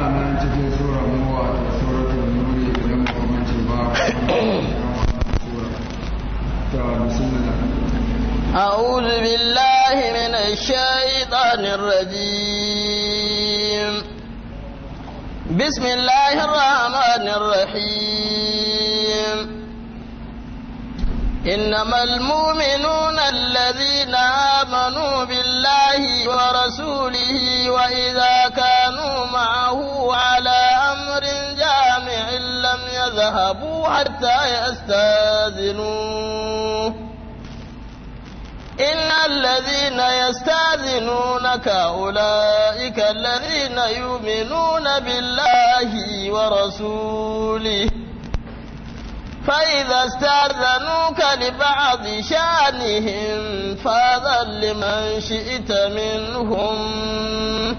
nan cikin sura suratul ba ta bismillah أعوذ بالله من الشيطان الرجيم بسم الله الرحمن الرحيم إنما المؤمنون الذين آمنوا بالله ورسوله وإذا كانوا على أمر جامع لم يذهبوا حتى يستاذنوه إن الذين يستاذنونك أولئك الذين يؤمنون بالله ورسوله فإذا استأذنوك لبعض شأنهم فأذن لمن شئت منهم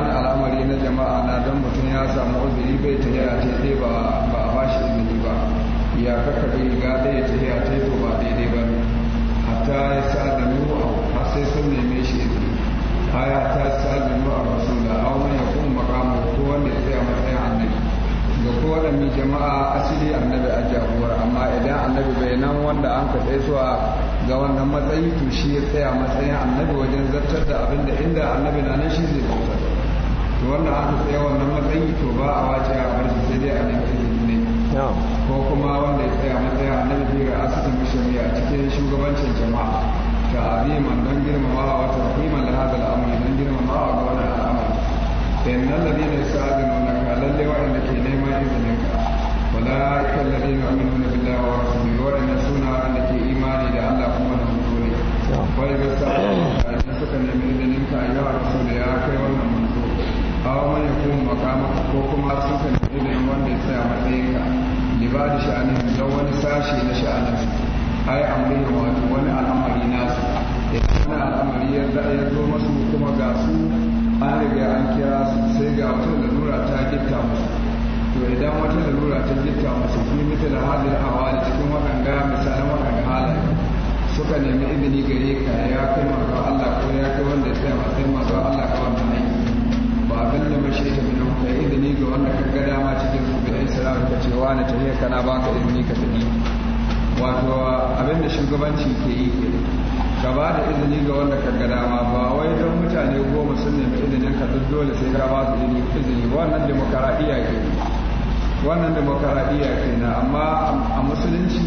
an al'amari na jama'a na don mutum ya samu uzuri bai ta yi a daidai ba a bashi izini ba ya kaka bai riga da ya ta yi a to ba daidai ba hatta ya sa da nuwa har sai sun neme shi izini haya ta sa da nuwa wasu a wani ya kuma makamu ko wanda ya tsaya matsayin annabi ga mai jama'a asili annabi a jagowar amma idan annabi bai nan wanda an ka tsaye ga wannan matsayi to shi ya tsaya matsayin annabi wajen zartar da abin da inda annabi na nan shi zai bauta to wanda aka tsaye wannan matsayi to ba a wace a bar shi sai dai a nemi ilimi ne ko kuma wanda ya tsaya matsayin annabi bira a cikin a cikin shugabancin jama'a ta aziman don girmamawa wata rahiman da hada al'amari don girmamawa ga wani al'amari in nan da ne sa azumi na ka lalle waɗanda ke neman izinin ka wala kan da ne aminu na billahi wa rasuluhu waɗanda suna waɗanda ke imani da Allah kuma na mutu ne wani gasa a suka nemi izinin ka yawa rasu da ya kai wannan awa man ya kuma makama ko kuma sun ka nemi da wanda ya tsaya matsayin ka da sha'anin don wani sashe na sha'anin ai amrin wato wani al'amari nasu eh, wani al'amari ya zo masu kuma ga su an riga an kira sai ga wata lalura ta gitta masu. to idan wata lalura ta gitta masu. fi mita da halin hawali cikin waɗanga misalan waɗanga halaye suka nemi izini gare ka ya kai manzo Allah ko ya kai wanda ya tsaya matsayin manzo Allah ka wannan abin da mashi ta bi ka yi izini ga wanda ka gada dama cikin su bi isra ka ce wa na tafiya kana baka izini ka tafi wato abin da shugabanci ke yi ke ka ba da izini ga wanda ka gada dama ba wai don mutane goma sun nemi izinin ka duk dole sai ka ba su izini wannan demokaradiyya ke wannan demokaradiyya ke na amma a musulunci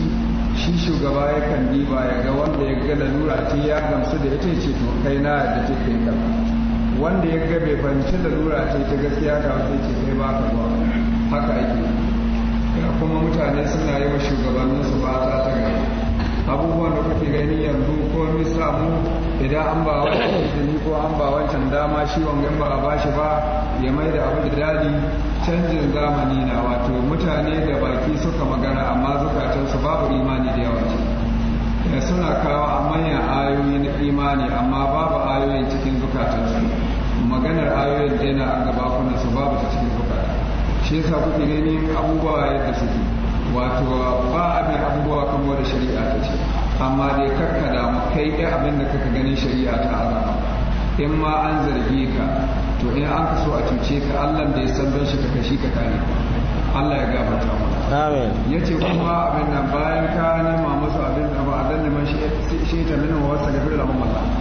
shi shugaba yakan diba ya ga wanda ya ga lalura ce ya gamsu da ita ce to kai na da take kai wanda ya ga bai fahimci lura ce ta gaskiya ta sai ce sai ba ka zuwa haka ake ya kuma mutane suna yi wa shugabannin su ba ta gari abubuwan da kuke gani yanzu ko ni samu idan an ba wancan izini ko an ba wancan dama shi wangan ba a bashi ba ya mai da abu da dadi canjin zamani na wato mutane da baki suka magana amma zukatansu babu imani da yawa ce suna kawo a manyan ayoyi na imani amma babu ayoyin cikin zukatansu maganar ayoyin da yana a gaba su babu ta cikin zukata shi yasa kuke ganin abubuwa yadda suke wato ba abin abubuwa kan da shari'a ta ce amma dai kakka da mu kai ɗaya abin da kaka ganin shari'a ta azama in ma an zarge ka to in an ka so a cuce ka Allah da ya san don shi ka kashi ka kare Allah ya gabata mu amin yace kuma abin nan bayan ka nema musu abin da ba a danne man shi ta nuna wasa da da mamalla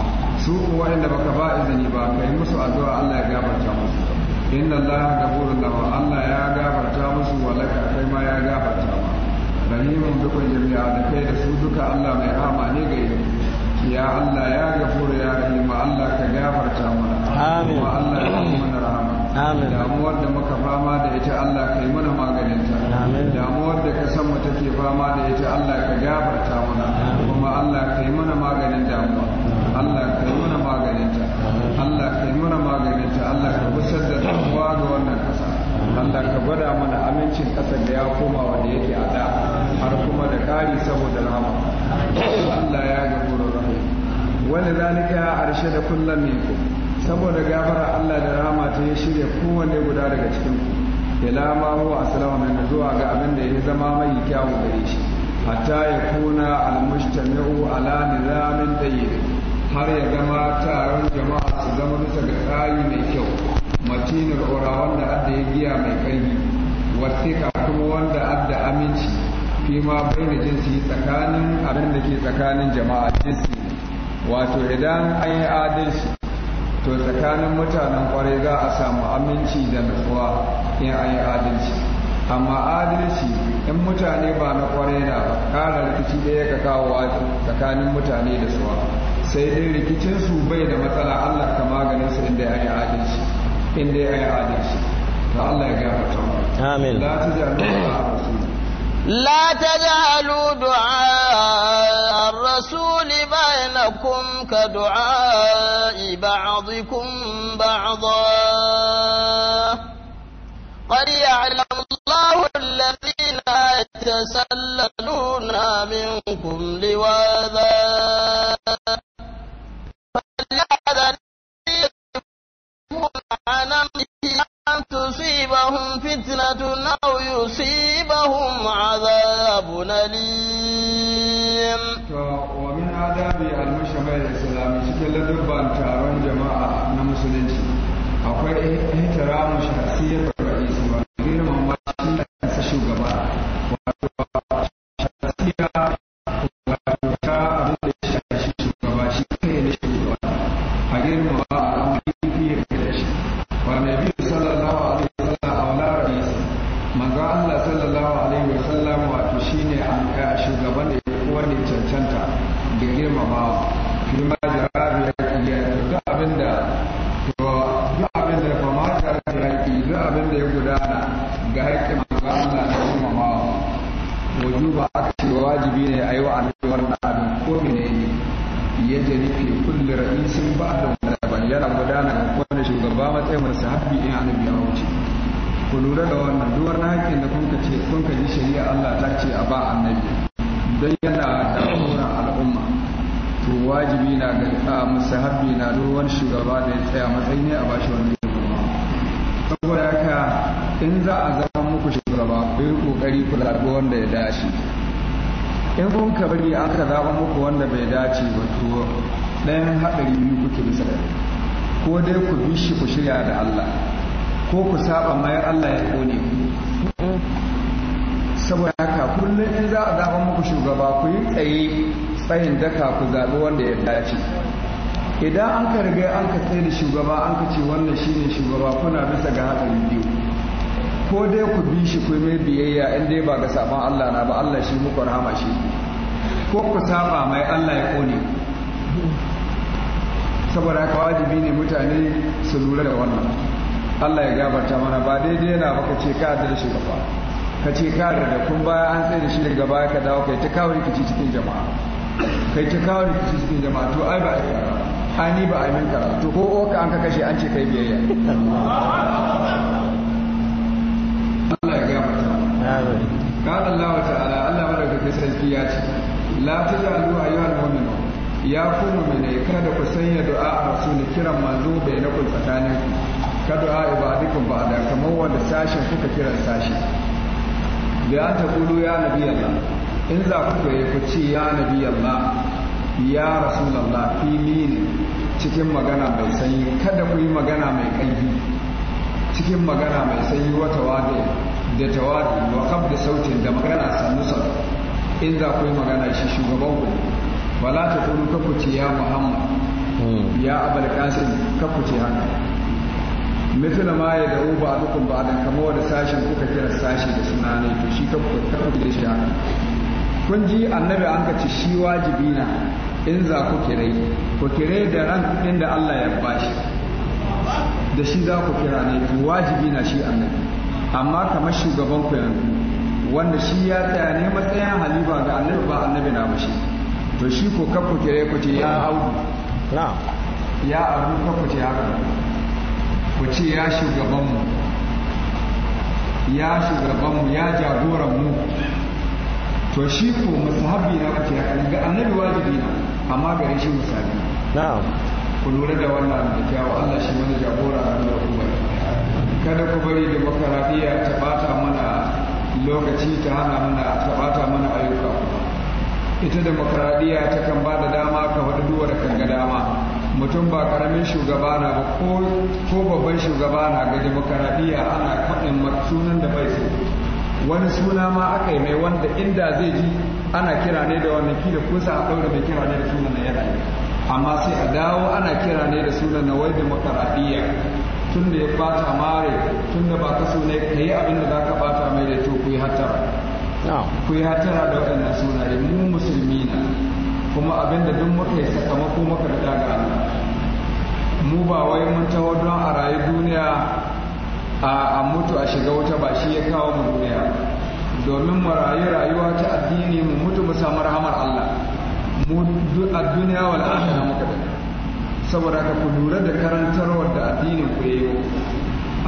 su inda baka ba izini ba kai musu addu'a Allah ya gafarta musu inna Allah gafurur lahu Allah ya gafarta musu walaka kai ma ya gafarta ma rahimun duk jami'a da kai da su duka Allah mai rahama ne ga yau ya Allah ya gafuru ya rahim Allah ka gafarta mana amin wa Allah ya mana rahama amin damuwar da muka fama da ita Allah kai mana ta amin damuwar da ka san mu take fama da ita Allah ka gafarta mana kuma Allah kai mana maganin damuwa Allah Allah ka gwada mana amincin ƙasar da ya koma wanda yake a da har kuma da ƙari saboda rama Allah ya gafuru rahim wani zalika ya arshe da kullum ku saboda gafara Allah da rama ta ya shirya kowane guda daga cikin ku ila ma huwa aslama zuwa ga abin da ya zama mai kyawu gare shi hatta ya kuna almustami'u ala nizamin tayyib har ya zama taron jama'a su zama bisa ga tsari mai kyau matinul ora wanda adda ya giya mai ƙarfi wasika kuma wanda adda aminci fi ma bayyana jinsi tsakanin abin da ke tsakanin jama'a jinsi wato idan an yi adalci to tsakanin mutanen kwarai za a samu aminci da nutsuwa in an yi adalci amma adalci in mutane ba na kwarai na ba ƙara rikici ɗaya ka kawo tsakanin mutane da suwa sai dai rikicinsu bai da matsala allah ka maganinsu inda ya yi adalci in Allah ya gafarta amin la tajalu لا تجعلوا دعاء الرسول بينكم كدعاء بعضكم بعضا قد يعلم الله الذين يتسللون منكم لواذا فليأذن فتنة أو يصيبهم عذاب أليم ومن آداب المجتمع الإسلامي شكل دبان taron jama'a na musulunci akwai ihtiramu shakhsiyyat sun ba da wani daban yana gudana wani shugaba matsayin sahabi in annabi biya wuce ku lura da wannan duwar na haƙƙin da kun ce kun ka ji shari'a Allah ta ce a ba annabi don yana da wurin al'umma to wajibi na ga a musahabi na duk wani shugaba da ya tsaya matsayi ne a bashi wannan shugaba saboda haka in za a zama muku shugaba ku yi kokari ku zaɓi wanda ya dace in kun ka bari aka zaɓa muku wanda bai dace ba to ɗayan haɗari biyu kuke bisa da ko dai ku bi shi ku shirya da Allah ko ku saba mai Allah ya kone ku saboda haka kullum in za a zaɓa muku shugaba ku yi tsaye tsayin daka ku zaɓi wanda ya dace idan an ka riga an ka tsaye da shugaba an ka ce wannan shine shugaba kuna bisa ga haɗari biyu ko dai ku bi shi ku mai biyayya in dai ba ga saban Allah na ba Allah shi muku rahama shi ko ku saba mai Allah ya kone saboda haka wajibi ne mutane su lura da wannan Allah ya gafarta mana ba daidai yana ba ka ce ka da shi gaba ka ce ka da kun baya an tsaye da shi daga baya ka dawo kai ta kawo rikici cikin jama'a kai ta kawo rikici cikin jama'a to ai ba a ani ba a min kara to ko oka an ka kashe an ce kai biyayya Allah ya gafarta قال الله ya الله ملك ya سلكيات لا تجعلوا أيها المؤمنون ya ku mu'mine kada ku sanya du'a a rasul kiran manzo bai na kun tsakanin ku ka du'a ibadikum ba da kamar wanda sashin kuka kiran sashi da ya ta kulu ya nabi Allah in za ku yi ku ce ya nabi Allah ya rasulullah fili ne cikin magana mai sanyi kada ku yi magana mai ƙarfi cikin magana mai sanyi wata wada da tawadi wa kafda sautin da magana sannu sannu in za ku yi magana shi shugaban ku wala ta kulu ka kuce ya muhammad hmm. ya abal qasim ka kuce haka misal ma ya da uba dukun ba dan kamar wani sashin kuka kira sashi da suna ne to shi ka ka kuce shi haka kun ji annabi an ka ci shi wajibi na in za ku kire ku kire da ran din da Allah ya bashi da shi za ku kira ne to wajibi na shi annabi amma kamar shugaban ku yanzu wanda shi ya tsaya ne matsayin halifa ga annabi ba annabi na bashi to shi ko kafa kire ku ce ya audu ya abu kafa ce haka ku ce ya shugabanmu ya shugabanmu ya jagoranmu to shi ko musahabi na kace ya ga annabi wajibi na amma gare shi musahabi na'am ku lura da wannan da kyawu Allah shi mana jagora a da kuma kada ku bari da makaradiya ta bata mana lokaci ta hana mana ta bata mana ayyuka ita demokaradiyya ta kan ba da dama ka faɗi duwa da kan ga dama mutum ba karamin shugaba na ba ko babban shugaba na ga demokaradiyya ana kaɗin sunan da bai so wani suna ma aka yi mai wanda inda zai ji ana kira ne da wani kila ko sa a ɗaure mai kira ne da sunan na yana amma sai a dawo ana kira ne da sunan na wai demokaradiyya tun da ya bata mare tun da ba ka so ne ka yi abin da za ka bata mai da to ku yi hatara ku yi hatara da waɗannan sunaye mu kuma abinda duk muka yi sakamako maka da daga mu ba wai mun taho don a rayu duniya a mutu a shiga wuta ba shi ya kawo mu duniya domin mu rayu rayuwa ta addini mu mutu mu samu rahamar Allah mu a duniya wal akhirah muka da saboda ka ku lura da karantarwar da addinin ku yayo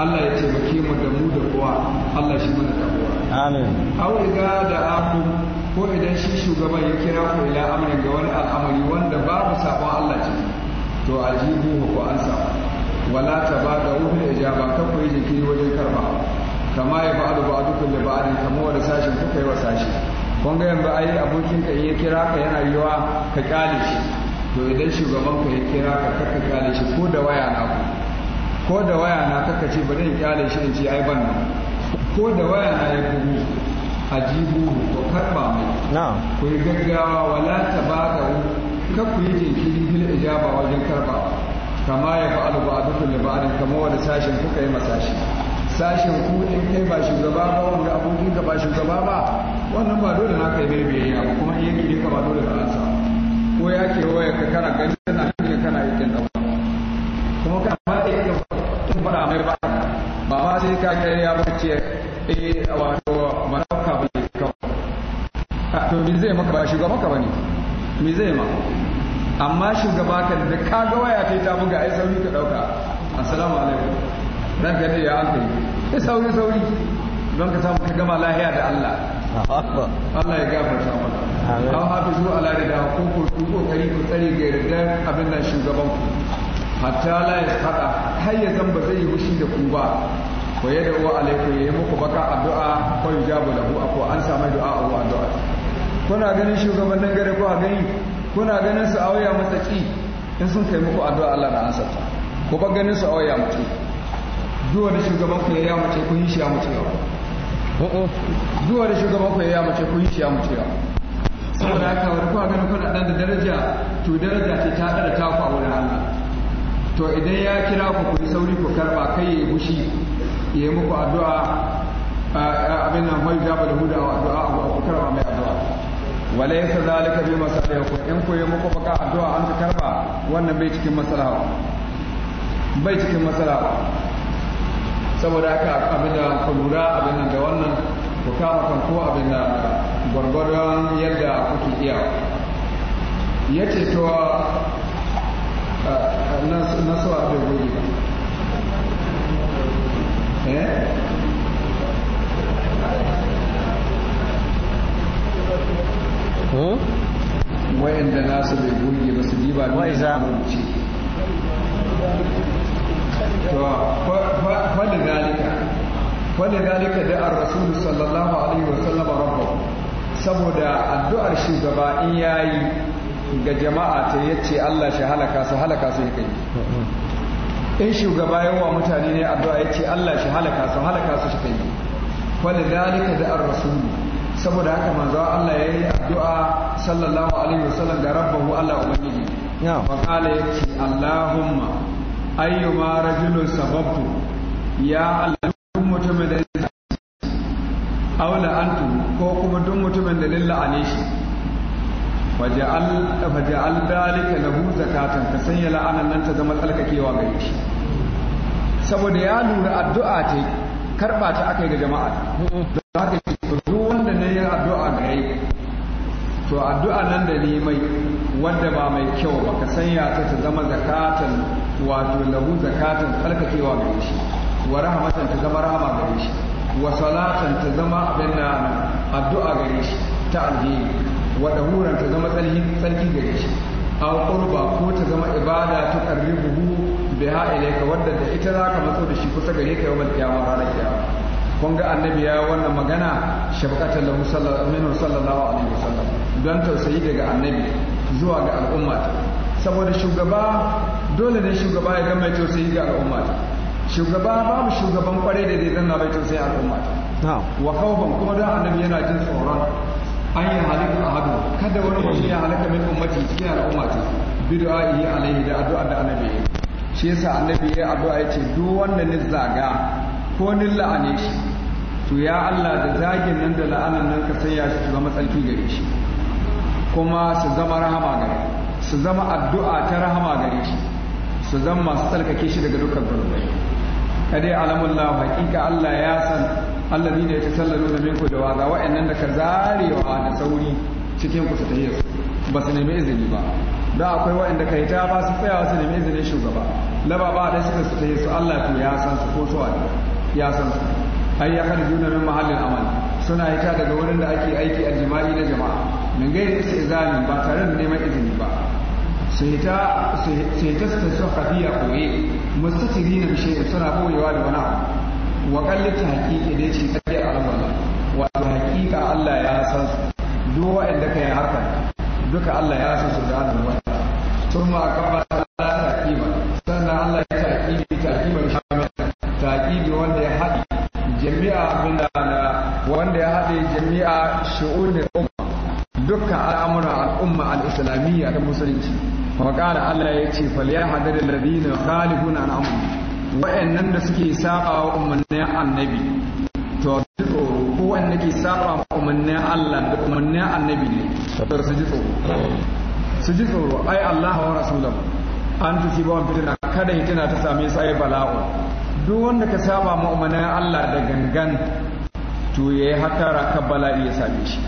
Allah ya taimake mu da mu da kowa Allah shi mana tabuwa amin aw ga da aku ko idan shi shugaban ya kira ku ila amrin ga wani al'amari wanda babu sabon Allah ce to ajibu ku ansa wala ta tabadahu bil ijaba ka ku yi jiki wajen karba kama ya ba'adu ba'adukum da ba'adin kama wa da sashin kuka yi wa sashi kun ga yanzu ai abokin ka ya kira ka yana yiwa ka kyale shi to idan shugaban ka ya kira ka ka kyale shi ko da waya na ku ko da waya na kaka ce bari in kyale shi in ce ai ban nan ko da waya a yi bugu a jibu ko karba mai ku yi gaggawa wala ta ba da kan ku yi jinkiri fil ijaba wajen karba kama ya fa'alu ba'dukum li ba'din kama wanda sashin kuka yi masashi sashin ku in kai ba shugaba ba wanda abokin ka ba shugaba ba wannan ba dole na kai bai biyayya ba kuma in yake ka ba dole ka ansa ko ya ke waya ka kana gani kana gani kana yakin da kuma ka ba da yakin tun ba mai ba ba ma sai ka kai ya bace wato malaka ba ne to me zai maka ba shugaban ka bane me zai ma amma shugaba ka da ka ga waya kai ta buga ai sauri ka dauka assalamu alaikum dan ka ya an kai sauri sauri don ka samu ka gama lahiya da Allah Allah ya gafarta maka hafi zuwa ala da ko ko ko kari ko kari ga yarda abin nan shugaban ku hatta la ya fada har ya ba zai yi shi da ku ba wa uwa da'u ya yi muku baka addu'a ko da lahu ko an samu du'a ko addu'a kuna ganin shugabannin gare ko a gani kuna ganin su auya matsaki in sun kai muku addu'a Allah na ansa ta ko ba ganin su auya mace duwa da shugaban ku ya mace ku yi shi ya ko duwa da shugaban ku ya mace ku yi shi ya mace saboda haka wani kuwa ganin kuna dan da daraja to daraja ce ta dara ta ku a wurin Allah to idan ya kira ku ku yi sauri ku karba kai ya yi bushi ya yi muku addu'a abin nan mai jaba da hudawa addu'a abu a karba mai addu'a wale yasa zalika bi masalaha ku in ku yi muku baka addu'a an ka karba wannan bai cikin masalaha bai cikin masalaha saboda haka abin da ku lura abin nan da wannan ku kama kanko abin da gwargwadon yadda kuke iya ya ce to na nasu abin gobe ba Hmm? da nasu bai goge ba su diba da wa'iza mace to dalika fada dalika da an rasulu sallallahu alaihi wasallam rabba saboda addu'ar shugaba in yayi ga jama'a ta yace Allah shi halaka su halaka su kai hmm, hmm. in shugaba wa mutane ne addu'a ya ce Allah shi halaka su halaka su shi kai wani dalika da an rasulu saboda haka manzo Allah ya yi addu'a sallallahu alaihi wasallam ga rabbahu Allah ubangiji wa qala ya ce Allahumma ma rajulun sababtu ya Allah mutumin da aula antu ko kuma duk mutumin da lilla ne shi faja'al dalika lahu zakatan ka sanya la'anan nan ta zama tsalkakewa gare shi saboda ya lura addu'a ta karba ta akai ga jama'a da haka ce duk wanda ne ya addu'a gare to addu'a nan da ne mai wanda ba mai kyau ba ka sanya ta ta zama zakatan wato lahu zakatan tsalkakewa gare shi wa rahmatan ta zama rahama gare shi wa salatan ta zama abin da addu'a gare shi ta alheri wa dahuran ta zama tsarki gare shi aw qurba ko ta zama ibada ta qarribuhu biha ilayka wadda da ita za ka matso da shi kusa gare ka yau qiyamah ranar kiyama kun ga annabi ya wannan magana shafqatan lahu sallallahu alaihi wasallam don tausayi daga annabi zuwa ga al'umma saboda shugaba dole ne shugaba ya gama tausayi ga al'umma shugaba babu shugaban kware da zai zanna bai tausayi al'umma wa khawfan kuma da annabi yana jin tsoron an yi halittu a hadu kada wani mutum ya halitta min ummati cikin al'ummati bid'a yi alaihi da addu'a da annabi shi yasa annabi ya addu'a ya ce duk wanda ni zaga ko ni la'ane shi to ya Allah da zagin nan da la'anan nan ka sanya shi su zama tsarki gare shi kuma su zama rahama gare su zama addu'a ta rahama gare shi su zama masu tsarkake shi daga dukkan zunubai kadai alamun la hakika Allah ya san Allah da ya tasallalu da minku da waza wa'annan da ka zarewa da sauri cikin ku su ba su nemi izini ba da akwai wa'anda ka yi ta ba su tsayawa su nemi izinin shugaba laba ba da suka su su Allah to ya san su ko su ya san su ai ya kada juna min mahallin amal suna ta daga wurin da ake aiki a jima'i na jama'a min gairi istizami ba tare da neman izini ba sai ta sai ta su hafiya koye mustatiri na bishe suna koyewa da wani abu ta kallata haƙiƙa da ce tsaye a rabar wato haƙiƙa Allah ya san su duk waɗanda ka yi haka duka Allah ya san su da ana wata sun ma kafa Allah ta haƙiƙa sannan Allah ya ta haƙiƙa ta haƙiƙa shamil ta haƙiƙa wanda ya haɗe jami'a abin da wanda ya haɗe jami'a shi'unin umma dukkan al'amura al'umma al'islamiyya da musulunci wa qala Allah ya ce fal yahdhar alladhina khalifuna an amri wa'annan da suke saba wa umarnin annabi to ko wanda ke saba wa umarnin Allah da umarnin annabi ne to su ji tsoro su ji tsoro ai Allah wa rasulahu an tusiba fitina kada hitina ta same su ai duk wanda ka saba mu'minin Allah da gangan to yayi haka raka bala'i ya same shi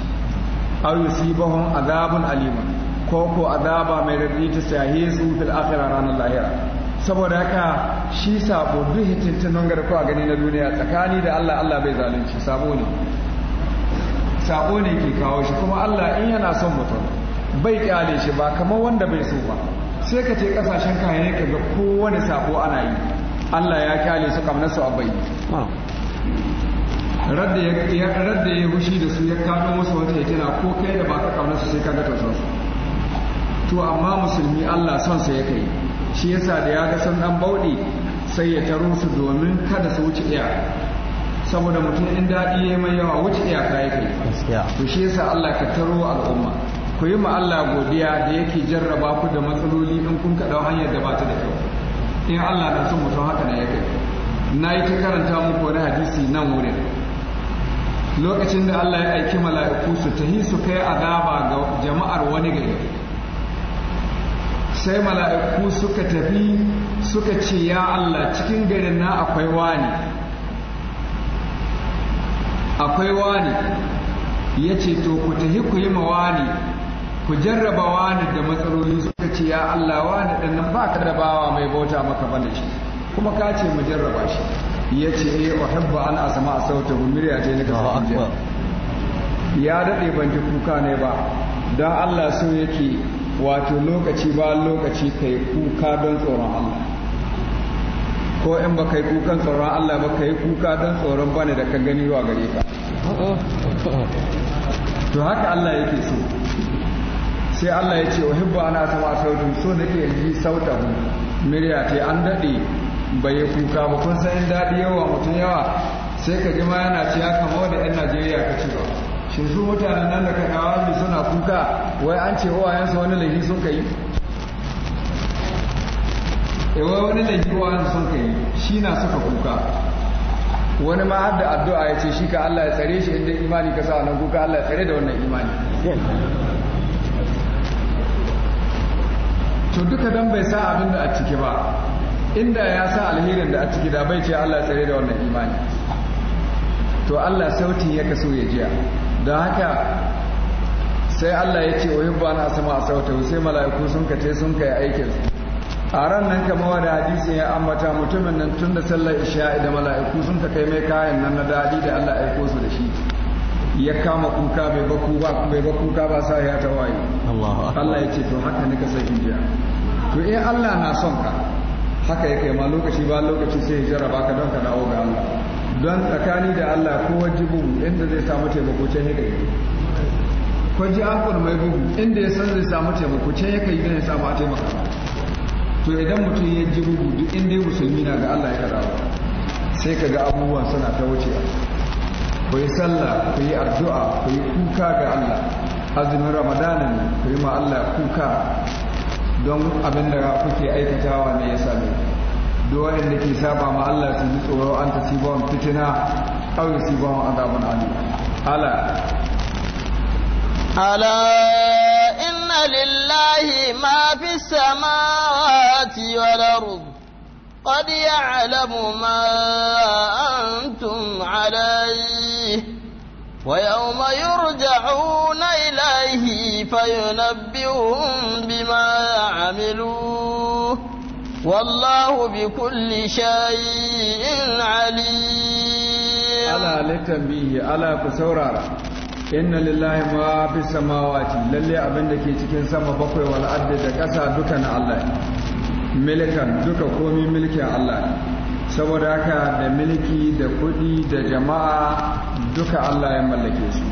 aw yusibahum azabun alima ko ko azaba mai rabi ta sahi su fil akhira ranar lahira saboda haka shi sabo duk nan garko a gani na duniya tsakani da Allah Allah bai zalunci sabo ne sabo ne ke kawo shi kuma Allah in yana son mutum bai kyale shi ba kamar wanda bai so ba sai ka ce kasashen kayan ka ga kowane sabo ana yi Allah ya kyale su kamar su abai radda ya radda ya hushi da su ya kado musu wata yakina ko kai da baka kauna su sai ka ga tausayin to amma musulmi Allah son sa yake shi yasa da ya ga san dan bauɗi sai ya taro su domin kada su wuce iyaka saboda mutum in daɗi ya mai yawa wuce iyaka yake to shi yasa Allah ka taro al'umma ku yi ma Allah godiya da yake jarraba ku da matsaloli in kun kaɗau hanyar da ba ta da kyau in Allah na son mutum haka na yake na yi ta karanta muku wani hadisi nan wurin lokacin da Allah ya aiki mala'iku su tahi su kai azaba ga jama'ar wani gari sai mala'iku suka tafi suka ce ya Allah cikin garin na akwai wani akwai wani ya ce to ku tafi ku yi wani ku jarraba wani da matsaloli suka ce ya Allah wani ɗan nan ba ka rabawa mai bauta maka bane shi kuma ka ce mu jarraba shi ya ce eh uhibba an asma mu murya ce nika ya daɗe ban ji kuka ne ba don Allah so yake wato lokaci ba lokaci kai kuka don tsoron Allah ko in ba kai kukan tsoron Allah ba kai kuka don tsoron bane da ka gani wa gare ka to haka Allah yake so sai Allah ya ce Hibba ana sama sautin so nake ji sautahu murya ce an dade bai kuka ba kun san daɗi yawa mutum yawa sai ka ji ma yana ciya kamar da 'yan Najeriya ka ci ba shi su mutanen nan da kakawa ne suna kuka wai an ce yansu wani laifi sun kai eh, wai wani laifi yansu sun kai shi na suka kuka wani ma har da addu'a ya ce shi ka Allah ya tsare shi inda imani ka sa nan kuka Allah ya tsare da wannan imani to duka dan bai sa abin da a ciki ba inda ya sa alherin da a ciki da bai ce Allah ya tsare da wannan imani to Allah sauti ya kaso ya jiya don haka sai Allah ya ce oyin ba na sama a sauta sai mala'iku sun kace sun kai aikin a ran nan kama wani hadisi ya ambata mutumin nan tun da sallar isha'i da mala'iku sun ka kai mai kayan nan na daɗi da Allah aiko su da shi ya kama kuka bai baku ba bai ka ba sa ya tawaye Allah ya ce to haka nika sai in jiya to in Allah na son ka haka ya kai ma lokaci ba lokaci sai ya jarraba ka don ka dawo ga Allah don tsakani da Allah ko wajibin inda zai samu taimako can yi ko akwai mai bugu inda ya san zai samu taimako can kai yi ya samu a taimaka to idan mutum ya ji bugu duk inda ya musulmi na ga Allah ya wa sai ka ga abubuwan suna ta wuce ku yi sallah ku yi addu'a ku yi kuka ga Allah azumin ramadanin ku yi ma Allah kuka don abin da kuke aikatawa ne ya sami da wayanda ke saba ma Allah su ji tsoro an ta sibon fitina aw yusibon azabun alim ala ala inna lillahi ma fi samawati wal ard قد يعلم ما أنتم عليه ويوم يرجعون إليه فينبئهم بما عملوا wallahu bi kulli shay'in alim ala litambihi ala ku saurara inna lillahi ma fi samawati lalle abin da ke cikin sama bakwai wal ardi da ƙasa duka na Allah milikan duka komi milkin Allah saboda haka da milki da kuɗi da jama'a duka Allah ya mallake su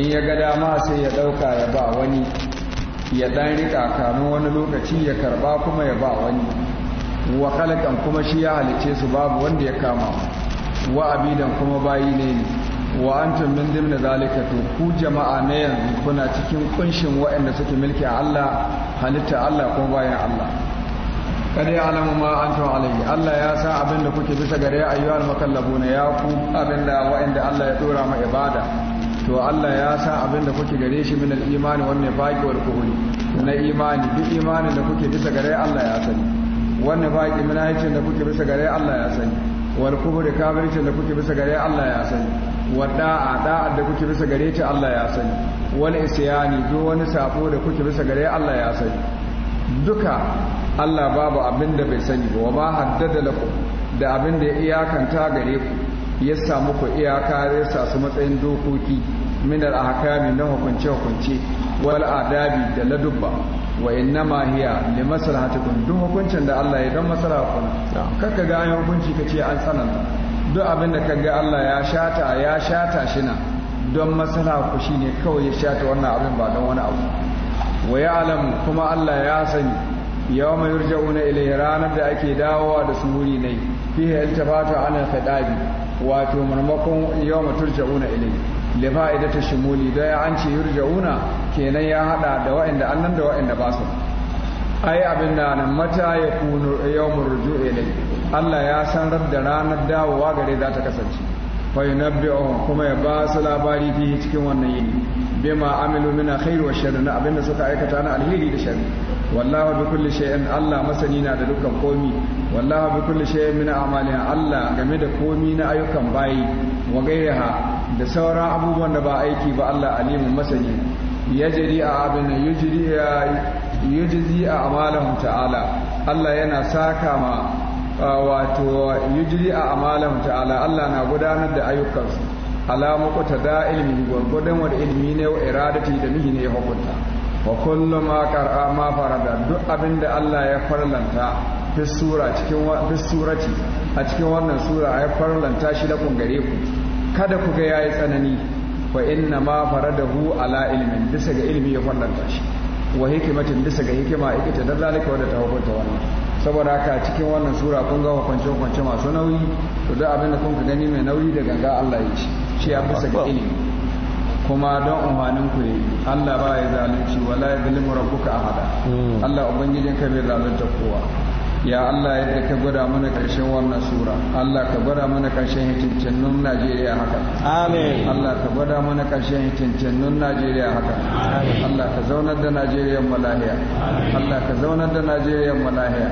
in ya ga dama sai ya ɗauka ya ba wani ya dan rika kamin wani lokaci ya karba kuma ya ba wani wa khalaqan kuma shi ya halice su babu wanda ya kama wa abidan kuma bayi ne ne wa antum min dimna zalika to ku jama'a na yanzu kuna cikin kunshin waɗanda suke mulki a Allah halitta Allah kuma bayan Allah kada ya alamu ma antum alayhi Allah ya sa abinda kuke bisa gare ayyuhal mukallabuna ya ku abinda waɗanda Allah ya dora ma ibada to Allah ya sa abin da kuke gare shi min imani wanne faqi wal kuhuli na imani duk imani da kuke bisa gare Allah ya sani wanne baki min ayyukan da kuke bisa gare Allah ya sani wal kuhuli kafircin da kuke bisa gare Allah ya sani wadda a da'a da kuke bisa gare ta Allah ya sani wal isyani duk wani sabo da kuke bisa gare Allah ya sani duka Allah babu abin da bai sani ba wa ma haddada lakum da abin da ya iyakanta gare ku ya samu ku iyaka ya sa su matsayin dokoki min al-ahkami na hukunce hukunce wal adabi da ladubba wa innama hiya li maslahatikum duk hukuncin da Allah ya dan maslaha ku kaka ga ayin hukunci kace an tsananta duk abin da kaga Allah ya shata ya shata shi na don maslaha ku shine kawai ya shata wannan abin ba don wani abu wa alamu kuma Allah ya sani yau mai yurja'una ilai ranar da ake dawowa da su wuri ne fi iltifata ana fadabi wato marmakon yau ile. ilai lifa'ida ta shimuli da ya an ce yurja'una kenan ya hada da wa'anda annan da wa'anda ba su ai abin da nan mata ya kunu yawmur ruju'i ilai Allah ya san da ranar dawowa gare za ta kasance fa yunabbi'uhum kuma ya ba su labari fi cikin wannan yini bima amilu min khairu wa sharri abinda suka aikata na alheri da sharri wallahu bi kulli shay'in Allah masani na da dukkan komi wallahu bi kulli shay'in min a'malina Allah game da komi na ayyukan bayi wa gayyaha da sauran abubuwan da ba aiki ba Allah alimun masani yajri a abin yajri yajzi a amalahum ta'ala Allah yana saka ma wato yajri a amalahum ta'ala Allah na gudanar da ayyukansu alamu ta da ilmi gwargwadon wani ilmi ne wa iradati da mihi ne ya hukunta wa kullu ma qara ma farada duk abin da Allah ya farlanta fi sura cikin fi surati a cikin wannan sura ya farlanta shi da kun gare ku kada ku ga yayi tsanani fa inna ma faradahu ala ilmin bisa ga ilmi ya farlanta shi wa hikimatin bisa ga hikima ikita da zalika wadda ta hukunta wannan saboda haka cikin wannan sura kun ga kwance kwance masu nauyi to duk abin da kun gani mai nauyi da ganga Allah ya ci shi ya bisa ga ilmi kuma don umarnin ku ne Allah ba ya zalunci wala ya zalimu rabbuka ahada hmm. Allah ubangijin ka bai zalunta kowa ya Allah yadda ka gwada mana karshen wannan sura Allah ka gwada mana karshen hitincannun Najeriya haka amin Allah ka gwada mana karshen hitincannun Najeriya haka amin Allah ka zaunar da Najeriya mu lahiya Allah ka zaunar da Najeriya mu lahiya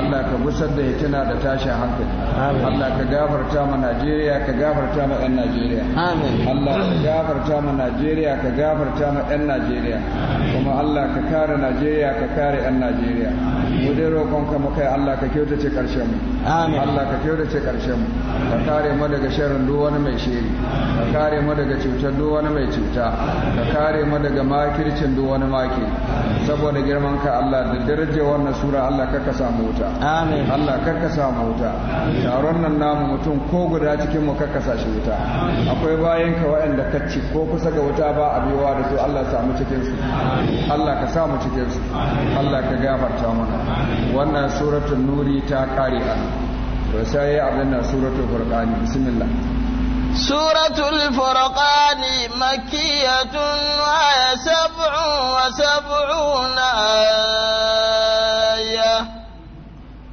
Allah ka gusar da tana da tashin hankali Allah ka gafarta ma Najeriya ka gafarta ma ɗan Najeriya Allah ka gafarta ma Najeriya ka gafarta ma ɗan Najeriya kuma Allah ka kare Najeriya ka kare ɗan Najeriya mu dai roƙon ka mu kai Allah ka kyautace ƙarshen mu Allah ka kyautace ƙarshen mu ka kare mu daga sharrin duk wani mai shiri ka kare mu daga cutar duk wani mai cuta ka kare mu daga makircin duk wani maki saboda girman ka Allah da darajar wannan sura Allah ka ka samu wuta Allah kakka mu wuta taron nan namu mutum ko guda cikin mu kakka shi wuta akwai bayan ka waɗanda ci ko kusa ga wuta ba a biyuwa da su Allah samu cikin su Allah ka samu cikin su Allah ka gafarta mana wannan suratul nuri ta kare an to sai abin nan suratul furqani bismillah suratul furqani مكية wa sab'un wa sab'una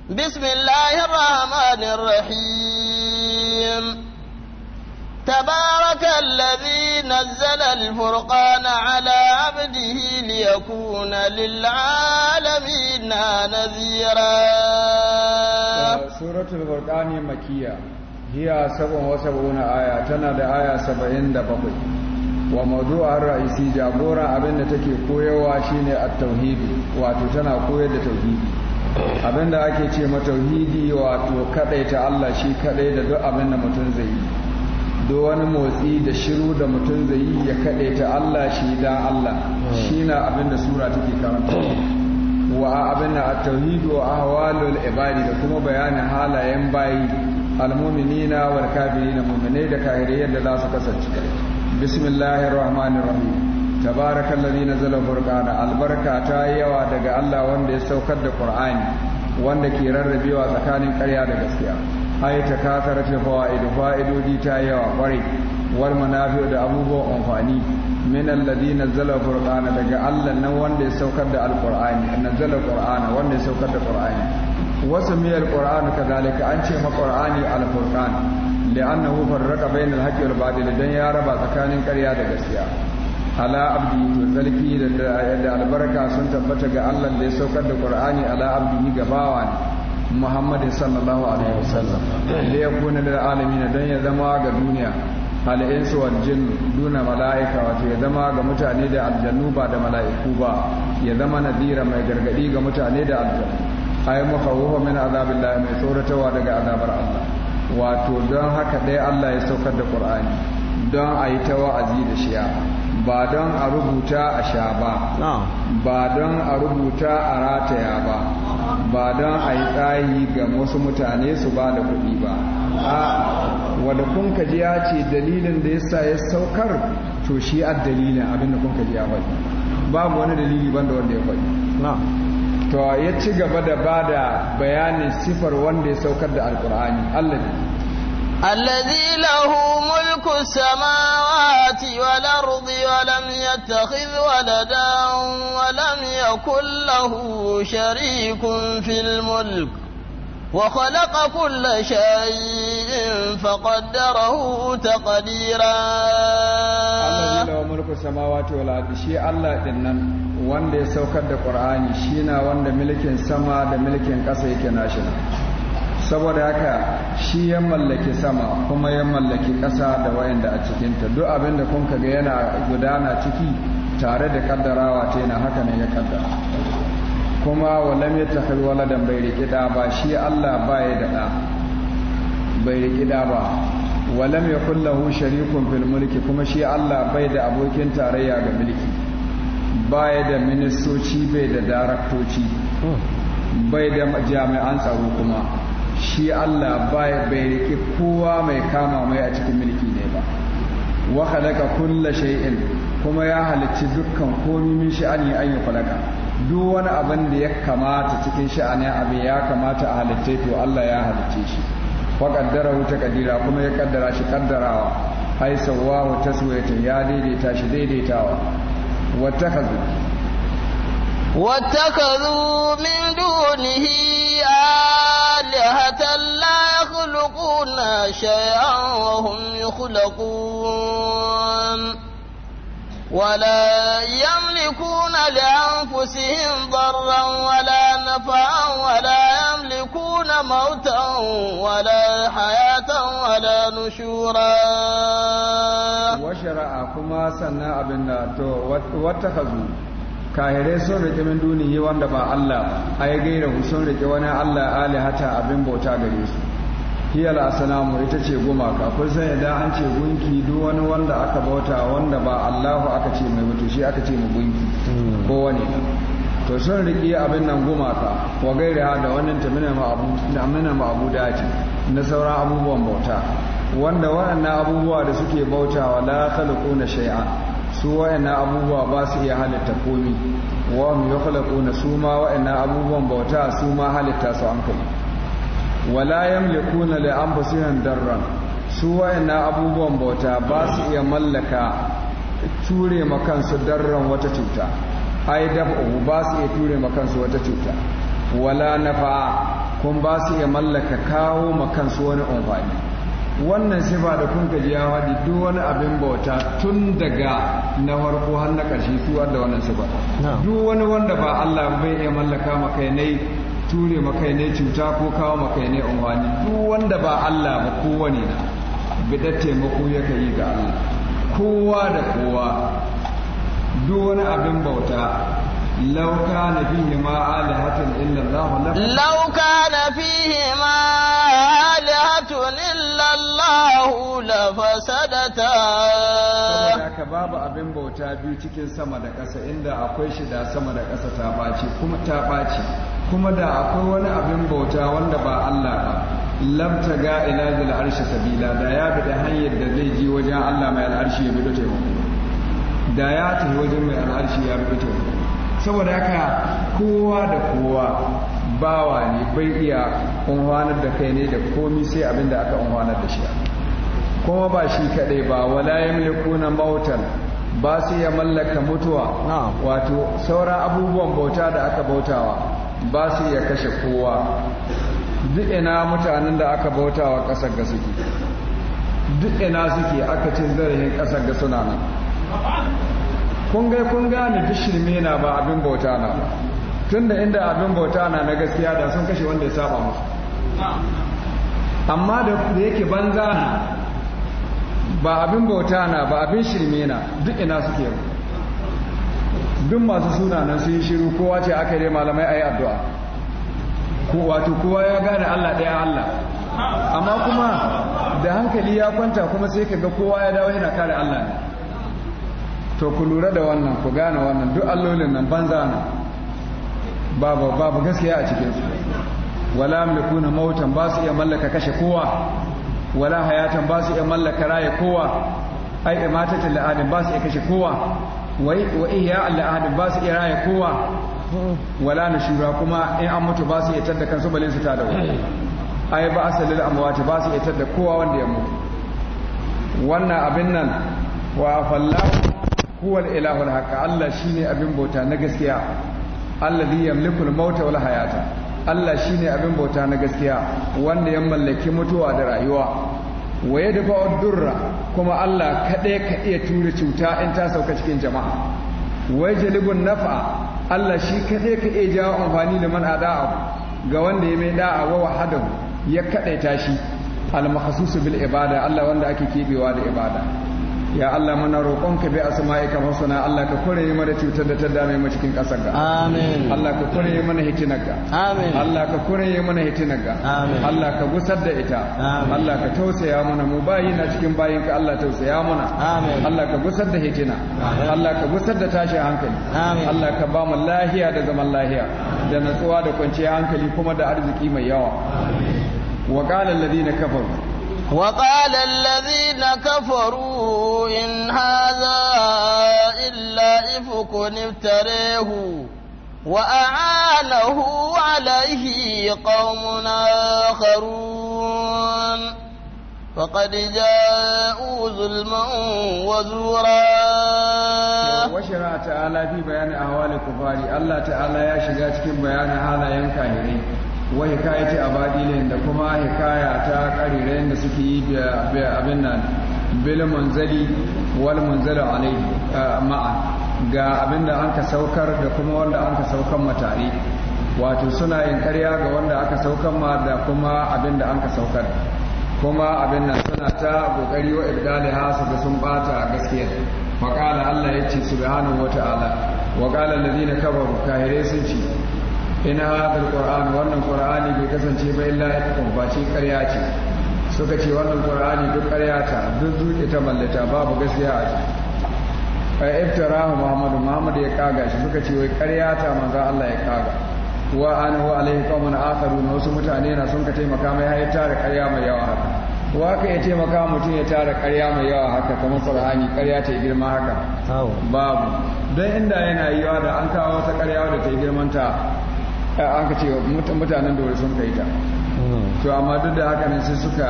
بسم الله الرحمن الرحيم تبارك الذي نزل الفرقان على عبده ليكون للعالمين نذيرا سورة الفرقان مكية هي سبع وسبعون آية تنادى آية سبعين دبقي وموضوع الرئيسي جابورا أبن تكي كوية واشيني التوحيد واتو تنا كوية التوحيد abinda ake ce matauhidi wato ta Allah shi kadai da duk abin da mutum zai yi duk wani motsi da shiru da mutum zai yi ya ta Allah shi da Allah shi na abin da sura take karanta wa abin da at-tauhidu wa ahwalul ibadi da kuma bayanin halayen bayi almu'minina wal na mu'minai da kafirai yadda za su kasance bismillahir tabarakallazi nazala furqana albarka ta yi yawa daga Allah wanda ya saukar da Qur'ani wanda ke rarrabewa tsakanin ƙarya da gaskiya ai ta kasar ta fawaidu fa'idodi ta yi yawa kwarai wal manafi'u da abubuwan amfani min alladhi nazala furqana daga Allah nan wanda ya saukar da alqur'ani nazala qur'ana wanda ya saukar da qur'ani wasu miyar qur'anu kadalika an ce ma qur'ani alfurqan li'annahu farraqa bainal haqqi wal dan ya raba tsakanin karya da gaskiya ala abdi to zalfi da albarka sun tabbata ga Allah da ya saukar da Qur'ani ala abdi ga bawa ne Muhammad sallallahu alaihi wasallam da ya kuna da alamin dan ya zama ga duniya al insu wal jin duna malaika wato ya zama ga mutane da aljannu ba da malaiku ba ya zama nadira mai gargadi ga mutane da aljannu ay mafawwa min azabillahi mai tsoratawa daga azabar Allah wato don haka dai Allah ya saukar da Qur'ani don a yi ta wa'azi da shi'a ba don a rubuta a sha ba ba don a rubuta a rataya ba ba don a yi tsayi ga wasu mutane su ba da kuɗi ba a wadda kun kaji ya ce dalilin da ya sa ya saukar to shi a dalilin abinda kun kaji ya faɗi babu wani dalili banda wanda ya faɗi to ya ci gaba da ba da bayanin siffar wanda ya saukar da alkur'ani allah الذي له ملك السماوات والأرض ولم يتخذ ولدا ولم يكن له شريك في الملك وخلق كل شيء فقدره تقديرا الذي له ملك السماوات والأرض شيء الله إنن wanda ya saukar da ƙur'ani shi na wanda milkin sama da milkin ƙasa yake nashi saboda haka shi ya mallaki sama kuma ya mallaki ƙasa da wayanda a cikinta duk abin da kun ga yana gudana ciki tare da kaddarawa ta yana haka ne ya kaddara kuma wala mai tafi da bai riƙi ba shi Allah ba ya da bai riƙi ba wala mai kullahu sharikun fil mulki kuma shi Allah bai da abokin tarayya ga mulki baya da ministoci bai da daraktoci hmm. bai da jami'an tsaro kuma shi Allah bai rike kowa mai kama mai a cikin mulki ne ba wa khalaqa kulla shay'in kuma ya halicci dukkan komi min sha'ani an yi khalaqa duk wani abin da ya kamata cikin sha'ani abin ya kamata a halicce to Allah ya halicce shi wa qaddara ta qadira kuma ya kaddara shi kaddarawa sawwa wa taswiyata ya daidaita shi daidaitawa wa takazu wa takazu min dunihi آلهة لا يخلقون شيئا وهم يخلقون ولا يملكون لأنفسهم ضرا ولا نفعا ولا يملكون موتا ولا حياة ولا نشورا وشرع كما سنة أبنى واتخذوا kahirai sun riƙe min yi wanda ba Allah a ya gaira sun riƙe wani Allah hata abin bauta gare su hiyar asalamu ita ce ka kun san yadda an ce gunki duk wani wanda aka bauta wanda ba Allahu aka ce mai mutu shi aka ce mu gunki ko wani to sun riƙe abin nan ka wa gaira da wannan ta mina Abu dace na sauran abubuwan bauta wanda waɗannan abubuwa da suke bautawa la khalquna shay'an su wa'ina abubuwa ba su iya halitta komi wa mu na su ma wayannan abubuwan bauta su ma halitta su an kai wala yamlikuna li anfusihim darra su wa'ina abubuwan bauta ba su iya mallaka ture ma kansu darran wata cuta ai da ba su iya ture ma kansu wata cuta wala nafa kun ba su iya mallaka kawo ma kansu wani amfani wannan sifa da kun ya faɗi duk wani abin bauta tun daga na farko har na ƙarshe su da wannan sifa duk wani wanda ba Allah bai iya mallaka maka ne ture maka ne cuta ko kawo maka ne unwani duk wanda ba Allah ba kowane na bidar taimako ya yi ga Allah kowa da kowa duk wani abin bauta lauka na bihi ma alihatan illa Allah shatta haka babu abin bauta biyu cikin sama da ƙasa inda akwai shi da sama da ƙasa ta ɓaci kuma ta ɓaci kuma da akwai wani abin bauta wanda ba Allah ba lamta ga ila zil arshi sabila da ya bi da hanyar da zai ji wajen Allah mai al'arshi ya bi da taimako da ya tafi wajen mai al'arshi ya bi da taimako saboda haka kowa da kowa bawa ne bai iya unwanar da kai ne da komi sai abin da aka unwanar da shi kuma ba shi kadai ba wala yamlikuna mautan ba su ya mallaka mutuwa wato sauran abubuwan bauta da aka bautawa ba su ya kashe kowa duk ina mutanen da aka bautawa kasar ga suke duk ina suke aka cin zarafin kasar ga suna nan kun gai kun gane duk shirme na ba abin bauta na ba da inda abin bauta na na gaskiya da sun kashe wanda ya saba musu amma da yake banza na ba abin bauta na ba abin shirme na duk ina suke yau duk masu suna nan sun shiru kowa ce aka dai malamai a yi addu'a wato kowa ya gane allah ɗaya allah amma kuma da hankali ya kwanta kuma sai ka ga kowa ya dawo yana kare allah ne to ku lura da wannan ku gane wannan duk allolin nan banza na babu babu gaskiya a cikinsu wala mulkuna mautan ba su iya mallaka kashe kowa wala hayatan ba su iya mallaka raye kowa ai imatatan la'adin ba su iya kashe kowa wa iya la'adin ba su iya raye kowa wala na shura kuma in an mutu ba su iya tadda kansu balin su ta da wani ai ba asalil amwati ba su iya tadda kowa wanda ya mutu wannan abin nan wa fallahu huwa al-ilahul haqq Allah shine abin bauta na gaskiya alladhi yamliku al-mauta wal hayata Allah shi ne abin bauta na gaskiya wanda ya mallaki mutuwa da rayuwa waye da ba durra kuma Allah kaɗai ka iya tura cuta in ta sauka cikin jama'a waye jalibun naf'a Allah shi kaɗai ka iya jawo amfani da man da'a ga wanda ya mai da'a wa wahadahu ya ta shi al-makhsusu bil ibada Allah wanda ake kebewa da ibada ya Allah muna roƙonka bi asma'ika suna. Allah ka kore mana cutar da ta dame mu cikin ƙasar ga amin Allah ka kore mana hitinar ga amin Allah ka kore mana hitinar ga amin Allah ka gusar da ita amin Allah ka tausaya mana mu bayi na cikin bayin ka Allah tausaya mana amin Allah ka gusar da hitina Allah ka gusar da tashin hankali amin Allah ka ba mu lahiya da zaman lahiya da natsuwa da kwanciyar hankali kuma da arziki mai yawa wa qala alladhina kafaru وقال الذين كفروا إن هذا إلا إفك افتريه وأعانه عليه قوم آخرون فقد جاءوا ظلما وزورا وشرع تعالى في بيان أهوال الكفار الله تعالى يا شجاع بيان هذا ينكاهرين wa hikayati abadilin da kuma hikaya ta karirayen da suke yi abin nan bil munzali wal munzalu alai ma'a ga abin da an saukar da kuma wanda an saukan matari, wato suna yin karya ga wanda aka saukan ma da kuma abin da an saukar kuma abin nan suna ta kokari wa ibdali hasu da sun bata gaskiya faqala Allah yace subhanahu wata'ala wa qala alladhina kafaru kahire sun ci in hadal qur'an wannan qur'ani bai kasance ba illa kun face ƙarya ce suka ce wannan qur'ani duk ƙarya ta duk zuke ta mallata babu gaskiya a ciki fa iftarahu muhammadu muhammadu ya kaga shi suka ce wai ƙarya ta manzo Allah ya kaga wa anhu alaihi qawmun na wasu mutane na sun ka taimaka mai har ya tara ƙarya mai yawa haka wa ka ya taimaka mutum ya tara ƙarya mai yawa haka kamar qur'ani ƙarya ta girma haka babu dan inda yana yiwa da an kawo wata ƙarya da ta girmanta Eh, an ka ce mutanen wuri sun kai ta hmm. to amma duk da haka ne sai suka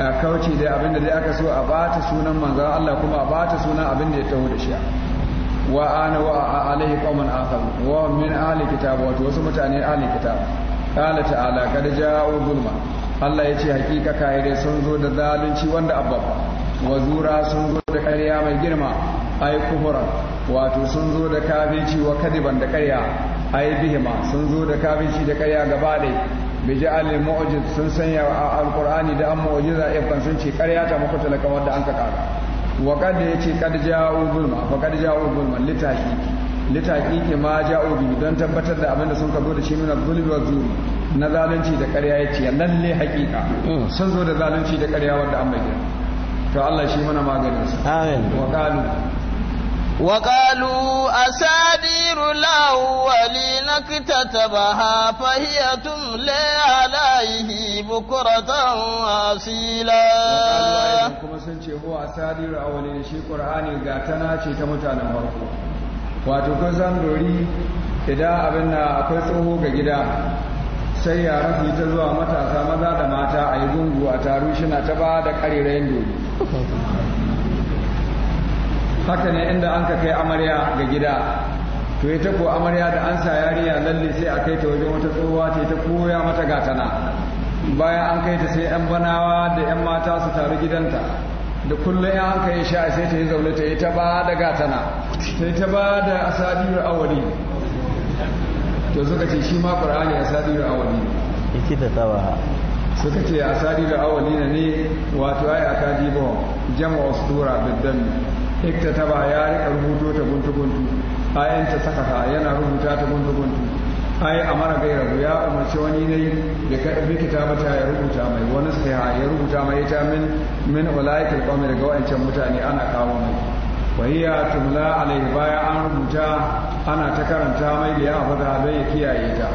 eh, kauce da abinda da dai aka so a bata sunan manzon Allah kuma a bata sunan abinda ya taho da shi wa ana wa alaihi qauman akhar wa min ahli kitab wato wasu mutane ahli kitab qala ta'ala kad ja'u zulma Allah ya ce hakika dai sun zo da zalunci wanda abba wa zura sun zo da karya mai girma ai kufura wato sun zo da kafici wa kadiban da karya. ai bihima sun zo da kafinci da karya gaba dai bi ja'al mu'jiz sun sanya a alqur'ani da an mu'jiza ifkan sun ce karya ta muku talaka wanda an ka kara wa kad yace kad ja'u zulma fa kad ja'u zulma litaki litaki ke ma ja'u bi don tabbatar da abinda sun ka zo da shi min zulmi wa zulmi na zalunci da karya yace lalle haqiqa hmm. sun zo da zalunci da karya wanda an bai to Allah shi mana maganin amin wa qalu وقالوا أسادير الأولين اكتتبها فهي تملي عليه بكرة وأصيلا kuma sun ce ko asadir awali shi qur'ani ga tana ce ta mutanen farko wato kun dori idan abin na akwai tsoho ga gida sai yaran su ta zuwa matasa maza da mata a yi gungu a taru shi na ta ba da karerayin dori haka ne inda an ka kai amarya ga gida to ita ko amarya da an sa yariya lalle sai a kai ta wajen wata tsohuwa ta ta koya mata gatana bayan an kai ta sai yan banawa da yan mata su taru gidanta da kullum ya an kai sha sai ta yi zaune ta yi ta ba da gatana ta yi ta ba da asadiyar awali to suka ce shi ma qur'ani asadiyar awali yake da tawaha suka ce asadiyar awali ne wato ai akadibo jama'u sura dami iktataba ya rika rubuto ta guntu guntu ayan ta sakaka yana rubuta ta guntu guntu ai a gaira ku ya umarci wani ne da ka bi ta ya rubuta mai wani sai ya rubuta mai ta min min ulaikal qawmi daga wa'ancan mutane ana kawo mai wahiya tumla alaihi baya an rubuta ana ta karanta mai da ya abada bai ya kiyaye ta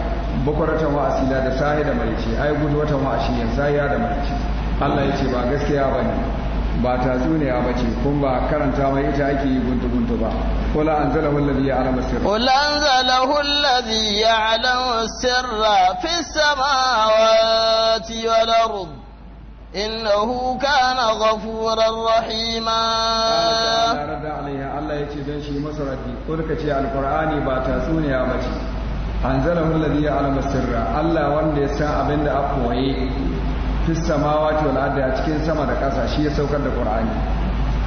bukuratan wa asila da sahi da ce ai gudu watan wa ashiyan ya da ce Allah ya ce ba gaskiya bane ba tatsuniya ba ce kun ba karanta mai ita ake yi guntu guntu ba kula an zala hullazi ya alama sirra kula an zala hullazi ya alama sirra fi samawati wal ard innahu kana ghafurar rahima rada alaiha Allah yace dan shi masarafi kurka ce alqur'ani ba tatsuniya ba ce an zala hullazi ya alama sirra Allah wanda ya san abinda a koye fis samawati wal ardi a cikin sama da ƙasa shi ya saukar da qur'ani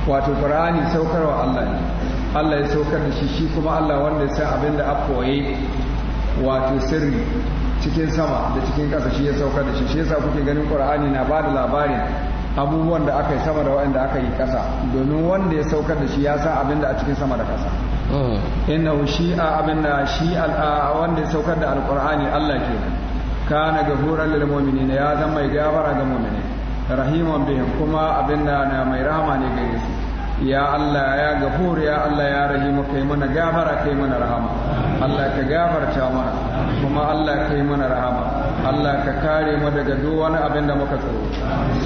wato qur'ani saukarwa Allah ne Allah ya saukar da shi shi kuma Allah wanda ya san abin da akoye wato sirri cikin sama da cikin ƙasa shi ya saukar da shi shi yasa kuke ganin qur'ani na ba da labarin abubuwan da aka yi sama da waɗanda aka yi ƙasa domin wanda ya saukar da shi ya san abin da a cikin sama da ƙasa hmm. innahu shi'a abin da shi wanda ya saukar da alqur'ani Allah kenan kana gafuran lil mu'minina ya zan mai gafara ga mu'mini rahima bihim kuma abinda na mai rahama ne gare su ya Allah ya gafur ya Allah ya rahimu kai mana gafara kai mana rahama Allah ka gafarta mana kuma Allah kai mana rahama Allah ka kare mu daga duk wani abin da muka tsoro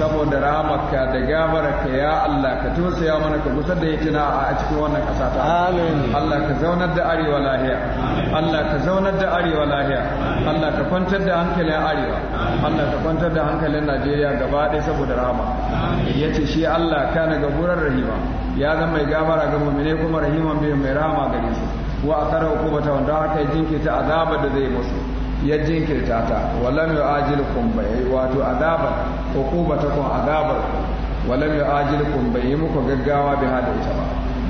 saboda rahamarka da gafararka ya Allah ka tausaya mana ka gusar da yitina a cikin wannan ƙasa ta amin Allah ka zaunar da arewa lahiya Allah ka zaunar da arewa lahiya Allah ka kwantar da hankalin arewa Allah ka kwantar da hankalin Najeriya gaba ɗaya saboda rahama yace shi Allah kana gafurar rahima ya zama mai gafara ga mu'mine kuma rahiman bai mai rahama gare su wa akara hukuma ta wanda yi jinkirta azabar da zai musu ya jinkirta ta walam ya bai wato azabar kun azabar walam yu'ajilukum bai yi muku gaggawa bi hada ita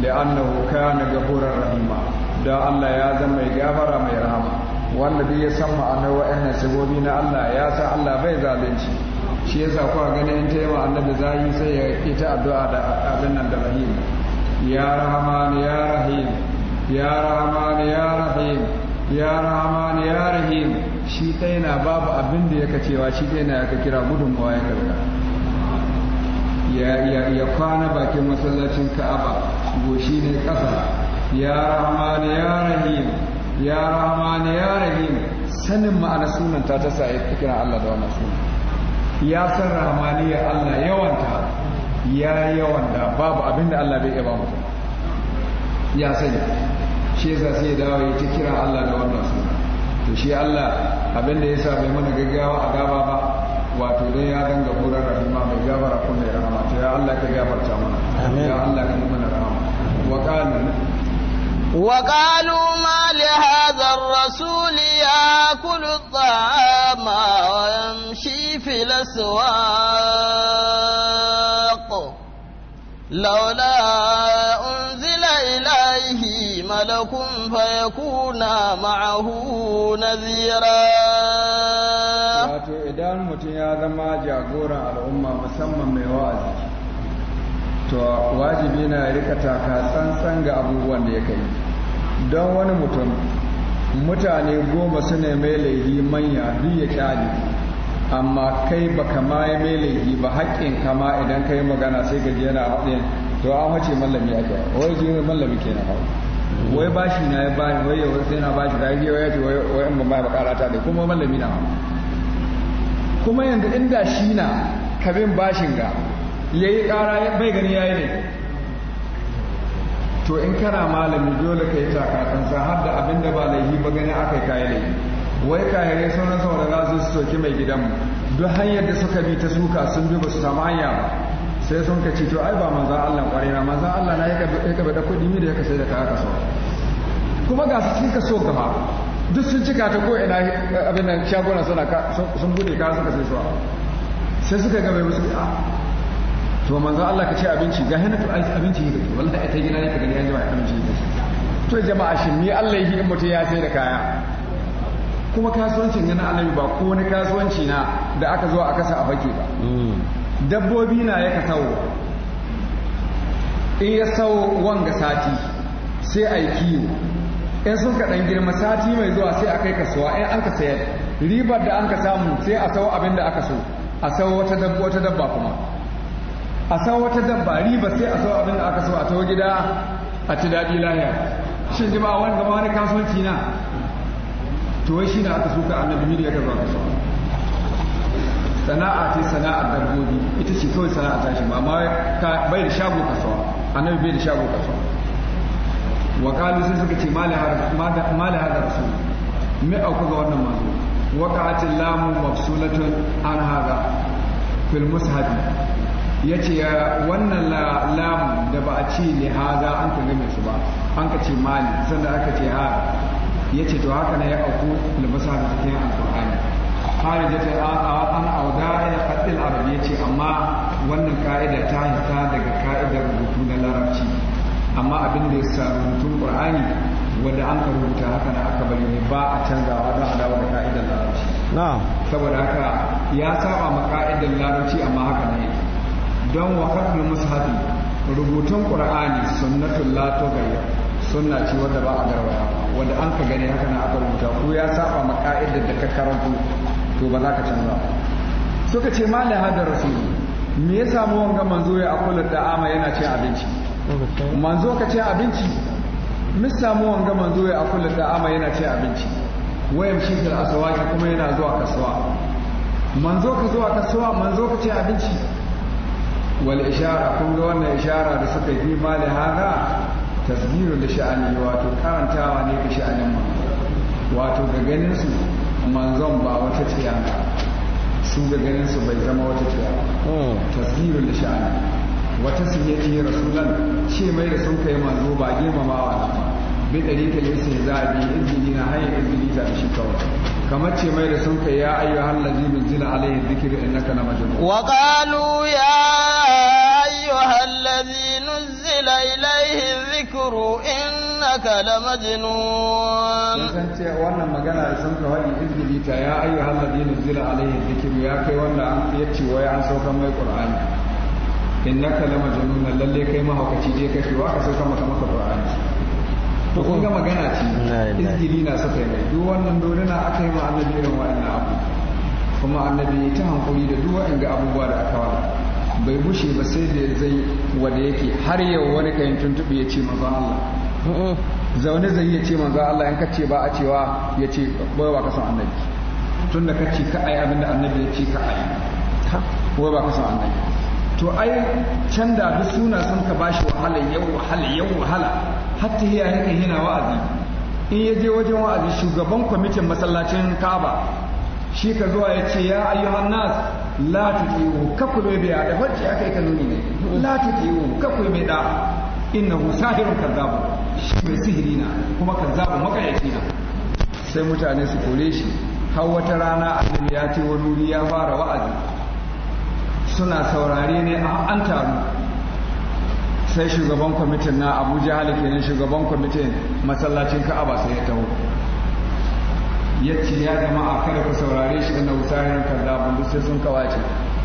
ba annahu kana gafurar rahima da Allah ya zama mai gafara mai rahama wanda bi ya san ma'anar wa'annan sigobi na Allah ya san Allah bai zalunci shi yasa kuka ganin in taimaka annabi zai sai ya ita addu'a da abin nan da rahim ya rahman ya rahim ya rahman ya rahim ya rahman shi ɗaya na babu abin da yaka cewa shi ɗaya na yaka kira gudunmawa ya karka ya kwana bakin masallacin ka'aba goshi ne ƙasa ya rahman ya rahim ya rahman ya rahim sanin ma'ana sunan ta ta sa ya kira Allah da wannan sunan ya san rahmaniya Allah yawanta ya yawanta babu abin da Allah bai iya ba mutum ya sani shi yasa sai ya dawo ya ta kira Allah da wannan sunan to shi Allah abin da ya sa bai mana gaggawa a gaba ba wato dai ya danga horar rahima mai gabara ko mai rahama to ya Allah ka gabarta mana ya Allah ka mana rahama wa qalu wa qalu ma li hadha ar-rasul ya'kulu at-ta'ama wa yamshi fil aswaq لولا لكم فيكون معه نذيرا wato idan mutum ya zama jagoran al'umma musamman mai wa'azi to wajibi na rika taka tsantsan ga abubuwan da ya kai don wani mutum mutane goma su ne mai laifi manya duk ya kyale amma kai ba kama ya mai laifi ba haƙƙin kama idan ka yi magana sai ka je yana haɗin to an wace mallami aka wai je mallami ke na haɗin wai bashi na ya bani wai yau sai na bashi gaji ya ce wai an ba bakara ta dai kuma mallami na kuma yanzu inda shi na kabin bashin ga yayi kara bai gani yayi ne to in kana malami dole kai taka kansa har da abin da ba laifi ba gani akai kai laifi wai kahire sauran sauran za su soki mai gidan duk hanyar da suka bi ta suka sun bi ba su samu hanya ba sai sun ka ce to ai ba manzo Allah kwarai na manzan Allah na ya kabe da kuɗi mi da ya sai da kaya kaso kuma ga su cika so gaba duk sun cika ta ko ina abin nan shagunan suna sun bude ka suka sai suwa sai suka bai musu a ah, to manzo Allah ka ce abinci ga hannatu abinci yi gari wallahi ta gina ne ka gani an jama'a abinci yi to jama'a shi ni Allah yi in mutum ya sai da kaya kuma kasuwancin yana annabi ba ko wani kasuwanci na da aka zo a kasa a fake ba mm. dabbobi na ya ka tawo in ya sau wanga sati sai a yi kiwo in sun ka ɗan girma sati mai zuwa sai a kai kasuwa in an ka sayar ribar da an ka samu sai a sau abin da aka so a sau wata dabba wata dabba kuma a sau wata dabba riba sai a sau abin da aka so a tawo gida a ci daɗi lahiya shin jima wani gaba wani kasuwanci na to wai shi na aka suka annabi da ya ka kasuwa sana'a ce sana'ar dabbobi ita ce kawai sana'a ta shi amma bai da shago kasuwa annabi bai da shago kasuwa wa kalu sai suka ce mali hada rasul me auka ga wannan wa waqa'atil lamu mafsulatun an hada fil mushafi yace wannan lamu da ba a ce li hada an ka game su ba an ka ce mali sannan aka ce ha yace to haka ne ya auku fil mushafi cikin alqur'ani harijata an auda ya kaddil arabi yace amma wannan ka'ida ta hita daga ka'idar rubutu na larabci amma abin da ya sa rubutun qur'ani wanda an ka rubuta haka na aka bari ne ba a canzawa don a dawo da ka'idar larabci saboda haka ya saba ma ka'idar larabci amma haka ne don wa kaddil mushafi rubutun qur'ani sunnatul la tughayya sunna ce wanda ba a garwaya wanda an ka gani haka na aka rubuta ko ya saba ma ka'idar da ka karanto to ba za ka canza ba suka ce mali hadar rasulu me ya samu wanga manzo ya akula da ama yana cin abinci manzo ka cin abinci mun samu wanga manzo ya akula da ama yana cin abinci wayan shi da aswaqi kuma yana zuwa kasuwa manzo ka zuwa kasuwa manzo ka cin abinci wal ishara kun ga wannan ishara da suka yi mali hada tasbiru da sha'ani wato karantawa ne ga sha'anin manzo wato ga ganin su manzon ba wata tsiya su ga ganin su bai zama wata tsiya hmm. tasgirul da sha'ani wata sihiyati rasulan ce mai da sun kai manzo ba girmamawa na ba bi dariƙa yin sai zaɓi izini na hanyar izini ta shi kawai kamar ce mai da sun kai ya ayyuhan allazi nuzila alayhi dhikru innaka la majnun wa qalu ya ayyuhan allazi nuzila ilayhi dhikru in innaka lamajnun sun ce wannan magana da sun kawai izini ta ya ayyu ladina zira alaihi dhikru ya kai wanda an yace wai an sauka mai qur'ani innaka lamajnun lalle kai mahaukaci je kake wa ka sauka maka maka qur'ani to kun ga magana ce izini na saka mai duk wannan dorina aka yi ma annabi irin wa'annan abu kuma annabi ta hankuri da duk wa'anga abubuwa da aka wada bai bushe ba sai da zai wanda yake har yau wani kayan tuntuɓe ya ce maza Allah zaune zai ya ce manzo Allah in kace ba a cewa ya ce wai ba ka san annabi tun da kace ka ai abinda annabi ya ce ka ai wai ba ka san annabi to ai can da duk suna sun ka bashi wahala yau wahala yau wahala har ta hiya yake hina wa'azi in ya je wajen wa'azi shugaban kwamitin masallacin Kaaba shi ka zuwa ya ce ya ayyuhan nas la tuti'u kakulu bi da wacce aka yi kanuni ne la tuti'u kafu bi da innahu sahirun kadzabu shi mai sihiri na kuma kan zaɓi makayyaci na sai mutane su kore shi har wata rana annabi ya ce wani wuri ya fara wa'azi suna saurare ne a an taru sai shugaban kwamitin na abuja halikenin shugaban kwamitin masallacin ka'aba sai ya taho ya ce a jama'a kada ku saurare shi da na wutarin kan zaɓi sai sun kawace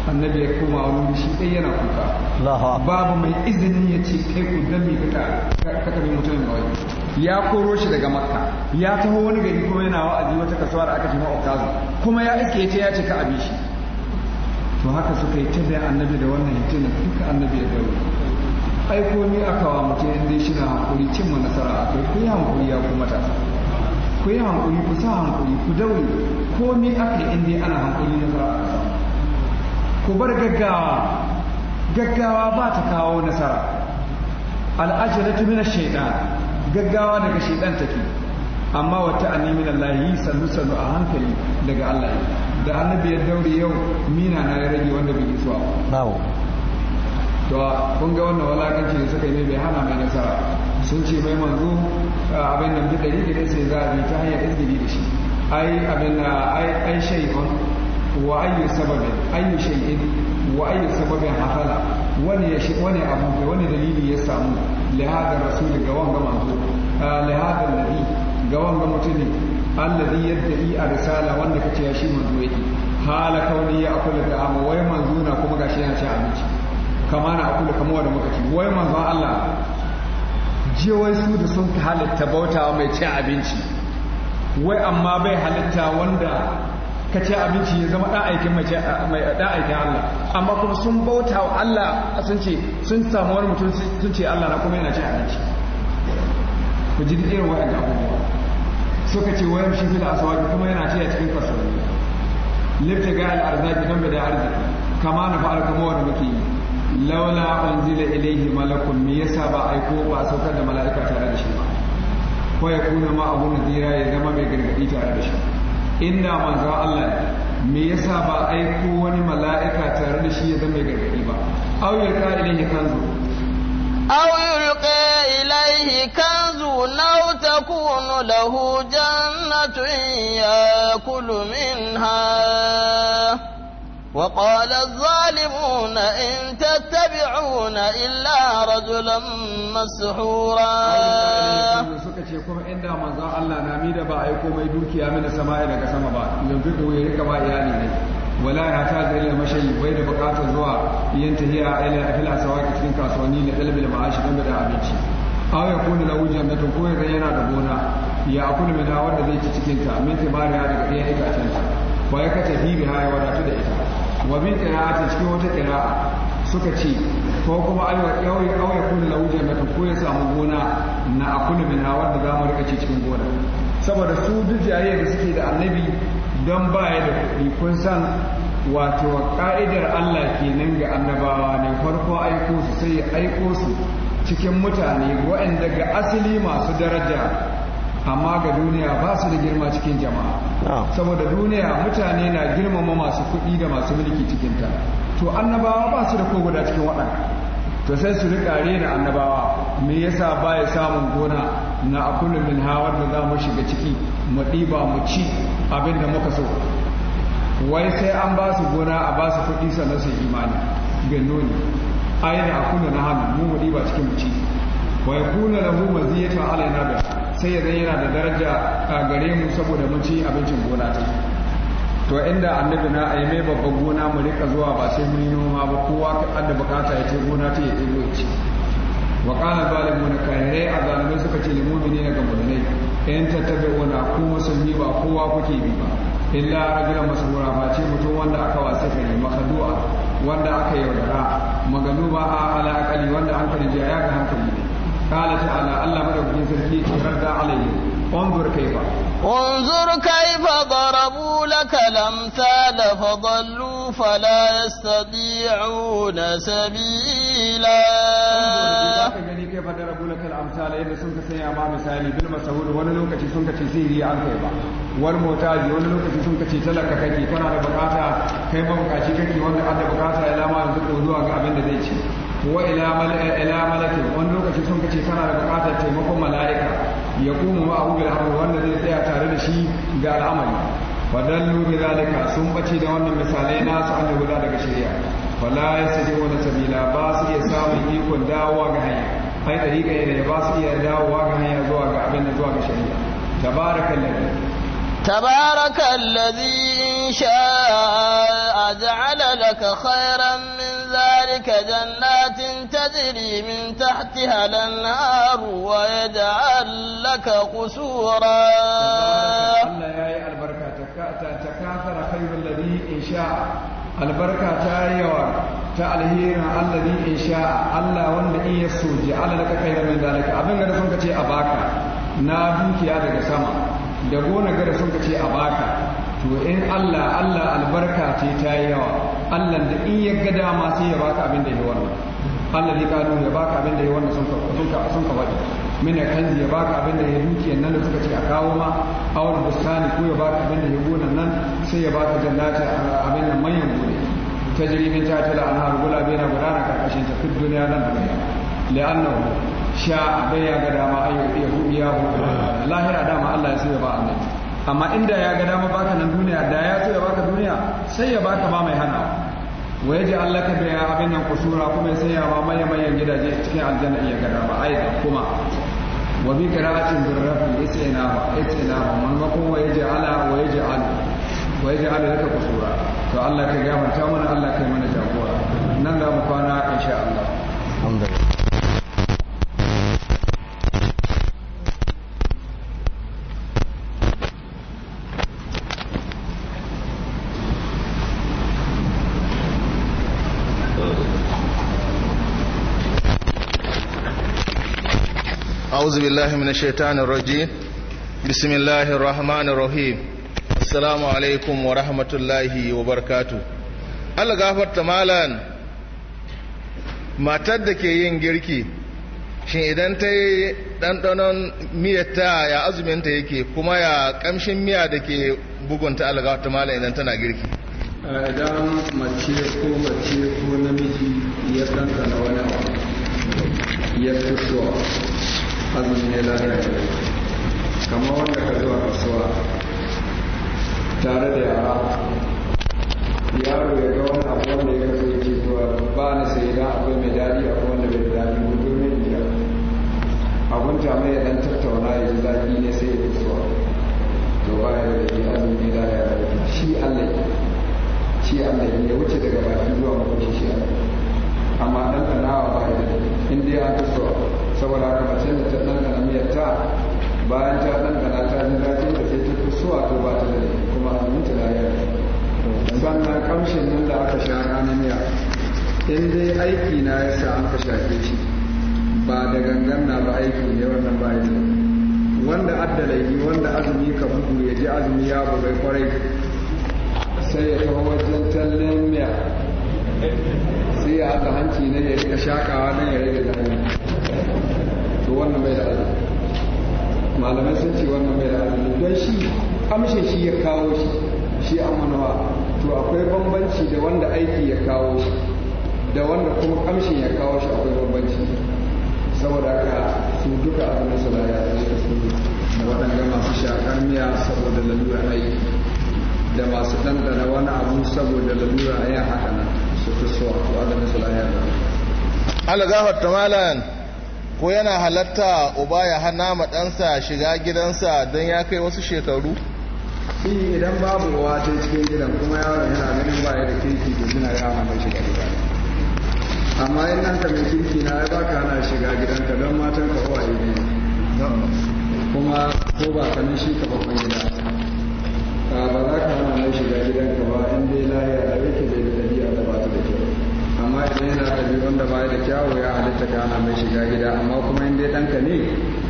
annabi ya koma wani shi ɗaya yana kuka babu mai izini ya ce kai ku dami ka ka kabi mutumin bawai ya koro shi daga makka ya taho wani gari ko yana wa'azi wata kasuwa da aka ce ma'aukazu kuma ya ce ya ce ka abi shi to haka suka yi tabbai annabi da wannan hitinan duka annabi ya dawo ko ni aka wa mutum inda shi na hakuri cin ma nasara akai ku yi hankuri ya kuma ta ku yi hankuri ku sa hankali ku dauri ko ni aka yi inda ana hankali nasara a ku bar gaggawa gaggawa ba ta kawo nasara al'ajira min mina shaidan, gaggawa daga shaidan take amma wata anni nemi lallahi sannu sannu a hankali daga Allah da annabi ya daure yau mina na ya rage wanda bai zuwa bawo to kun ga wannan walakanci da suka yi bai hana mai nasara sun ce mai manzo abin da bi dari da sai za a bi ta hanyar izgiri da shi ai abin ai ai shaykhun wa ayyu sababin ayyu wa ayyu sababin hasala wani ya wani abu ya samu li hadar rasul ga wanga manzo li hadar nabi ga wanga mutune wanda kace ya shi manzo yake hala kauni ya akula da wai manzo na kuma gashi yana ci abinci kama na akula kama wanda muka ci wai manzo Allah je wai su da sun halatta bautawa mai ci abinci wai amma bai halitta wanda ka ci abinci ya zama ɗa'aikin mai ɗa'aikin Allah amma kuma sun bauta wa Allah sun ce sun samu wani mutum sun ce Allah na kuma yana cin abinci ku ji duk irin waɗanda abubuwa So ka ce wayan shi fil asawaki kuma yana ce a cikin kasuwanni lifta ga al'arzaki nan bai da arziki kama na fa'ar kuma wani muke yi laula unzila ilaihi malakun me yasa ba aiko ba saukar da mala'ika tare da shi ba ko ya kuna ma abu nadira ya zama mai gargadi tare da shi inda manzo Allah me yasa ba aiko wani mala'ika tare da shi ya zama gargadi ba aw yulqa ilayhi kanzu aw yulqa ilayhi kanzu law takunu lahu jannatun yakulu minha وقال الظالمون إن تتبعون إلا رجلا مسحورا suka ce kuma inda manzon Allah na mi ba a yi komai dukiya sama sama'i ga sama ba yanzu da wuri rika ba iyali ne wala ya ta da mashayi bai da bukatar zuwa yin tahiya ila afila sawaki cikin kasuwanni na dalbil ma'ashi don da abinci aw ya kuna lahu jannatun ko ya yana da gona ya akulu mina wanda zai ci cikin ta min tibariya daga ɗayan itacen ta wa ya kace hi biha ya wadatu da ita wa bi qira'ati cikin wata qira'a suka ce ko kuma ai wa yawai kawai kun lahu ko ya samu gona na akulu min wanda za mu rika ce cikin gona saboda su duk jayayya da suke da annabi don baya da kuɗi kun san wato ka'idar Allah kenan ga annabawa ne farko aiko su sai ya aiko su cikin mutane waɗanda ga asali masu daraja amma ga duniya ba su da girma cikin jama'a saboda duniya mutane na girmama masu kuɗi da masu mulki cikinta to annabawa ba su da ko guda cikin waɗanda to sai su rika rena annabawa me yasa ba ya samun gona na akulu min hawar da za mu shiga ciki mu ɗiba mu ci abin da muka so wai sai an ba su gona a ba su kuɗi sannan su imani ga ne ai da akulu na hannu mu mu ɗiba cikin mu ci wai kuna lahu maziyatan alaina bi sai ya zai yana da daraja a gare mu saboda mu abincin gona ta to inda annabi na a yi mai babban gona mu rika zuwa ba sai mun yi noma ba kowa da bukata ya ce gona ta ya ɗigo ya ci wa balin zalimuna kahirai a zalimai suka ce ne ga mu'minai in kuma sun yi ba kowa kuke bi ba illa rajula masu ba ce mutum wanda aka wasa fere makadu'a wanda aka yaudara ba a ala wanda an karje ya ga hankali قال تعالى الله مدوكين سركي رد عليه انظر كيف انظر كيف ضربوا لك الامثال فضلوا فلا يستطيعون سبيلا كيف ضربوا لك الامثال يد سنك سيا ما مثالي بالمسهول وانا لوكتي سنك تسيري عن كيف war motaji wani lokaci sun kace talaka kake kana da bukata kai ba bukaci kake wanda an da bukata ya lama yanzu ko zuwa ga abin da zai ci wa ila malakin wani lokaci sun kace tana da bukatar taimakon mala'ika ya kuma ma abu bil amr wanda zai tsaya tare da shi ga al'amari fadallu bi zalika sun bace da wannan misalai nasu an guda daga shari'a wala yasjudu sabila ba su iya samun ikon dawowa ga hanya ai dariƙa ne ba su iya dawowa ga hanya zuwa ga abin da zuwa ga shari'a tabarakallazi tabarakallazi شاء جعل لك خيرا من ذلك جنات تجري من تحتها الأنهار ويجعل لك قصورا تكاثر خير الذي إن شاء البركة تايوة تألهير الذي إن شاء الله وان إن يسوجي على لك خير من ذلك أبن غير سنك تي أباكا نادوك يا دك سما دقونا غير سنك تي أباكا to in Allah Allah albarka ce ta yi yawa Allah da in ya ga dama sai ya baka abin da ya wannan Allah ne kano ya baka abin da ya wannan sun ka sun ka sun ka wadi mina kanzi ya baka abin da ya duki nan da suka ce a kawo ma awar bustani ko ya baka abin da ya gona nan sai ya baka jannata abin nan manyan gode ta jirgin ta tala an har gula bai na gudana karkashin ta fit duniya nan da ya li'annahu sha bai ya ga dama ayyuka ya hudiya lahira dama Allah ya sai ya ba annabi amma inda ya ga dama baka nan duniya da ya so ya baka duniya sai ya baka ma mai hana wa yaji Allah ka biya abin nan kusura kuma ya sanya ma manyan gidaje cikin aljanna iya gada ba ai kuma wa bi qira'atin birrafi isina ba isina ba manmakon wa yaji allah wa yaji kusura to Allah ka gafarta mana Allah kai mana jagora nan da mu kwana insha Allah أعوذ بالله من الشيطان الرجيم بسم الله الرحمن الرحيم السلام عليكم ورحمة الله وبركاته Allah gafarta تمالا matar da ke yin girki shin idan ta yi ɗanɗanon miyarta ya azuminta yake kuma ya ƙamshin miya da ke bugunta Allah gafarta mala idan tana girki idan mace ko mace ko namiji ya ɗanɗana wani ya fi azumi ne lafiya kama wanda ka zuwa kasuwa tare da yara yaro ya ga wani abu wanda ya kaso yake zuwa ba na sai idan akwai mai daɗi akwai wanda bai daɗi ko domin iya abun jami'a ya dan tattauna ya ji zaki ne sai ya kasuwa to ba ya da ke azumi lafiya ya shi allah shi allah ya wuce daga baki zuwa makoci shi allah amma ɗanɗanawa ba ya in dai aka so saboda haka mace da ta ɗanɗana miyar ta bayan ta ɗanɗana ta ji daɗin da sai ta fi suwa to ba ta da kuma abinci na yau sannan kamshin nan da aka sha ranar miya in dai aiki na ya sa an ka shafe shi ba da gangan na ba aiki ne wannan ba ya wanda yi wanda azumi ka bugu ya ji azumi ya bugai kwarai sai ya kawo wajen tallen miya sai ya haɗa hanci na ya rika shakawa don ya rage lahani to wannan bai da azumi malamai sun ce wannan bai da azumi don shi amshin shi ya kawo shi shi amanawa to akwai bambanci da wanda aiki ya kawo shi da wanda kuma amshin ya kawo shi akwai bambanci saboda haka su duka abu su da ya zai da su da waɗanda masu shakar miya saboda lalura aiki da masu ɗanɗana wani abu saboda lalura a yin haka nan Allah gafarta malan ko yana halatta uba ya hana ma ɗansa shiga gidansa don ya kai wasu shekaru? shi idan babu uwa ta cikin gidan kuma yaron yana ganin baya da kirki da suna ya mai shiga gidan amma yin nan ka mai kirki na ya baka hana shiga gidan ka don matan ka uwaye ne kuma ko ba ka nan shi ka babban gida ba za ka hana mai wanda ba da kyawu ya halitta ka hana mai shiga gida amma kuma in dai ɗanka ne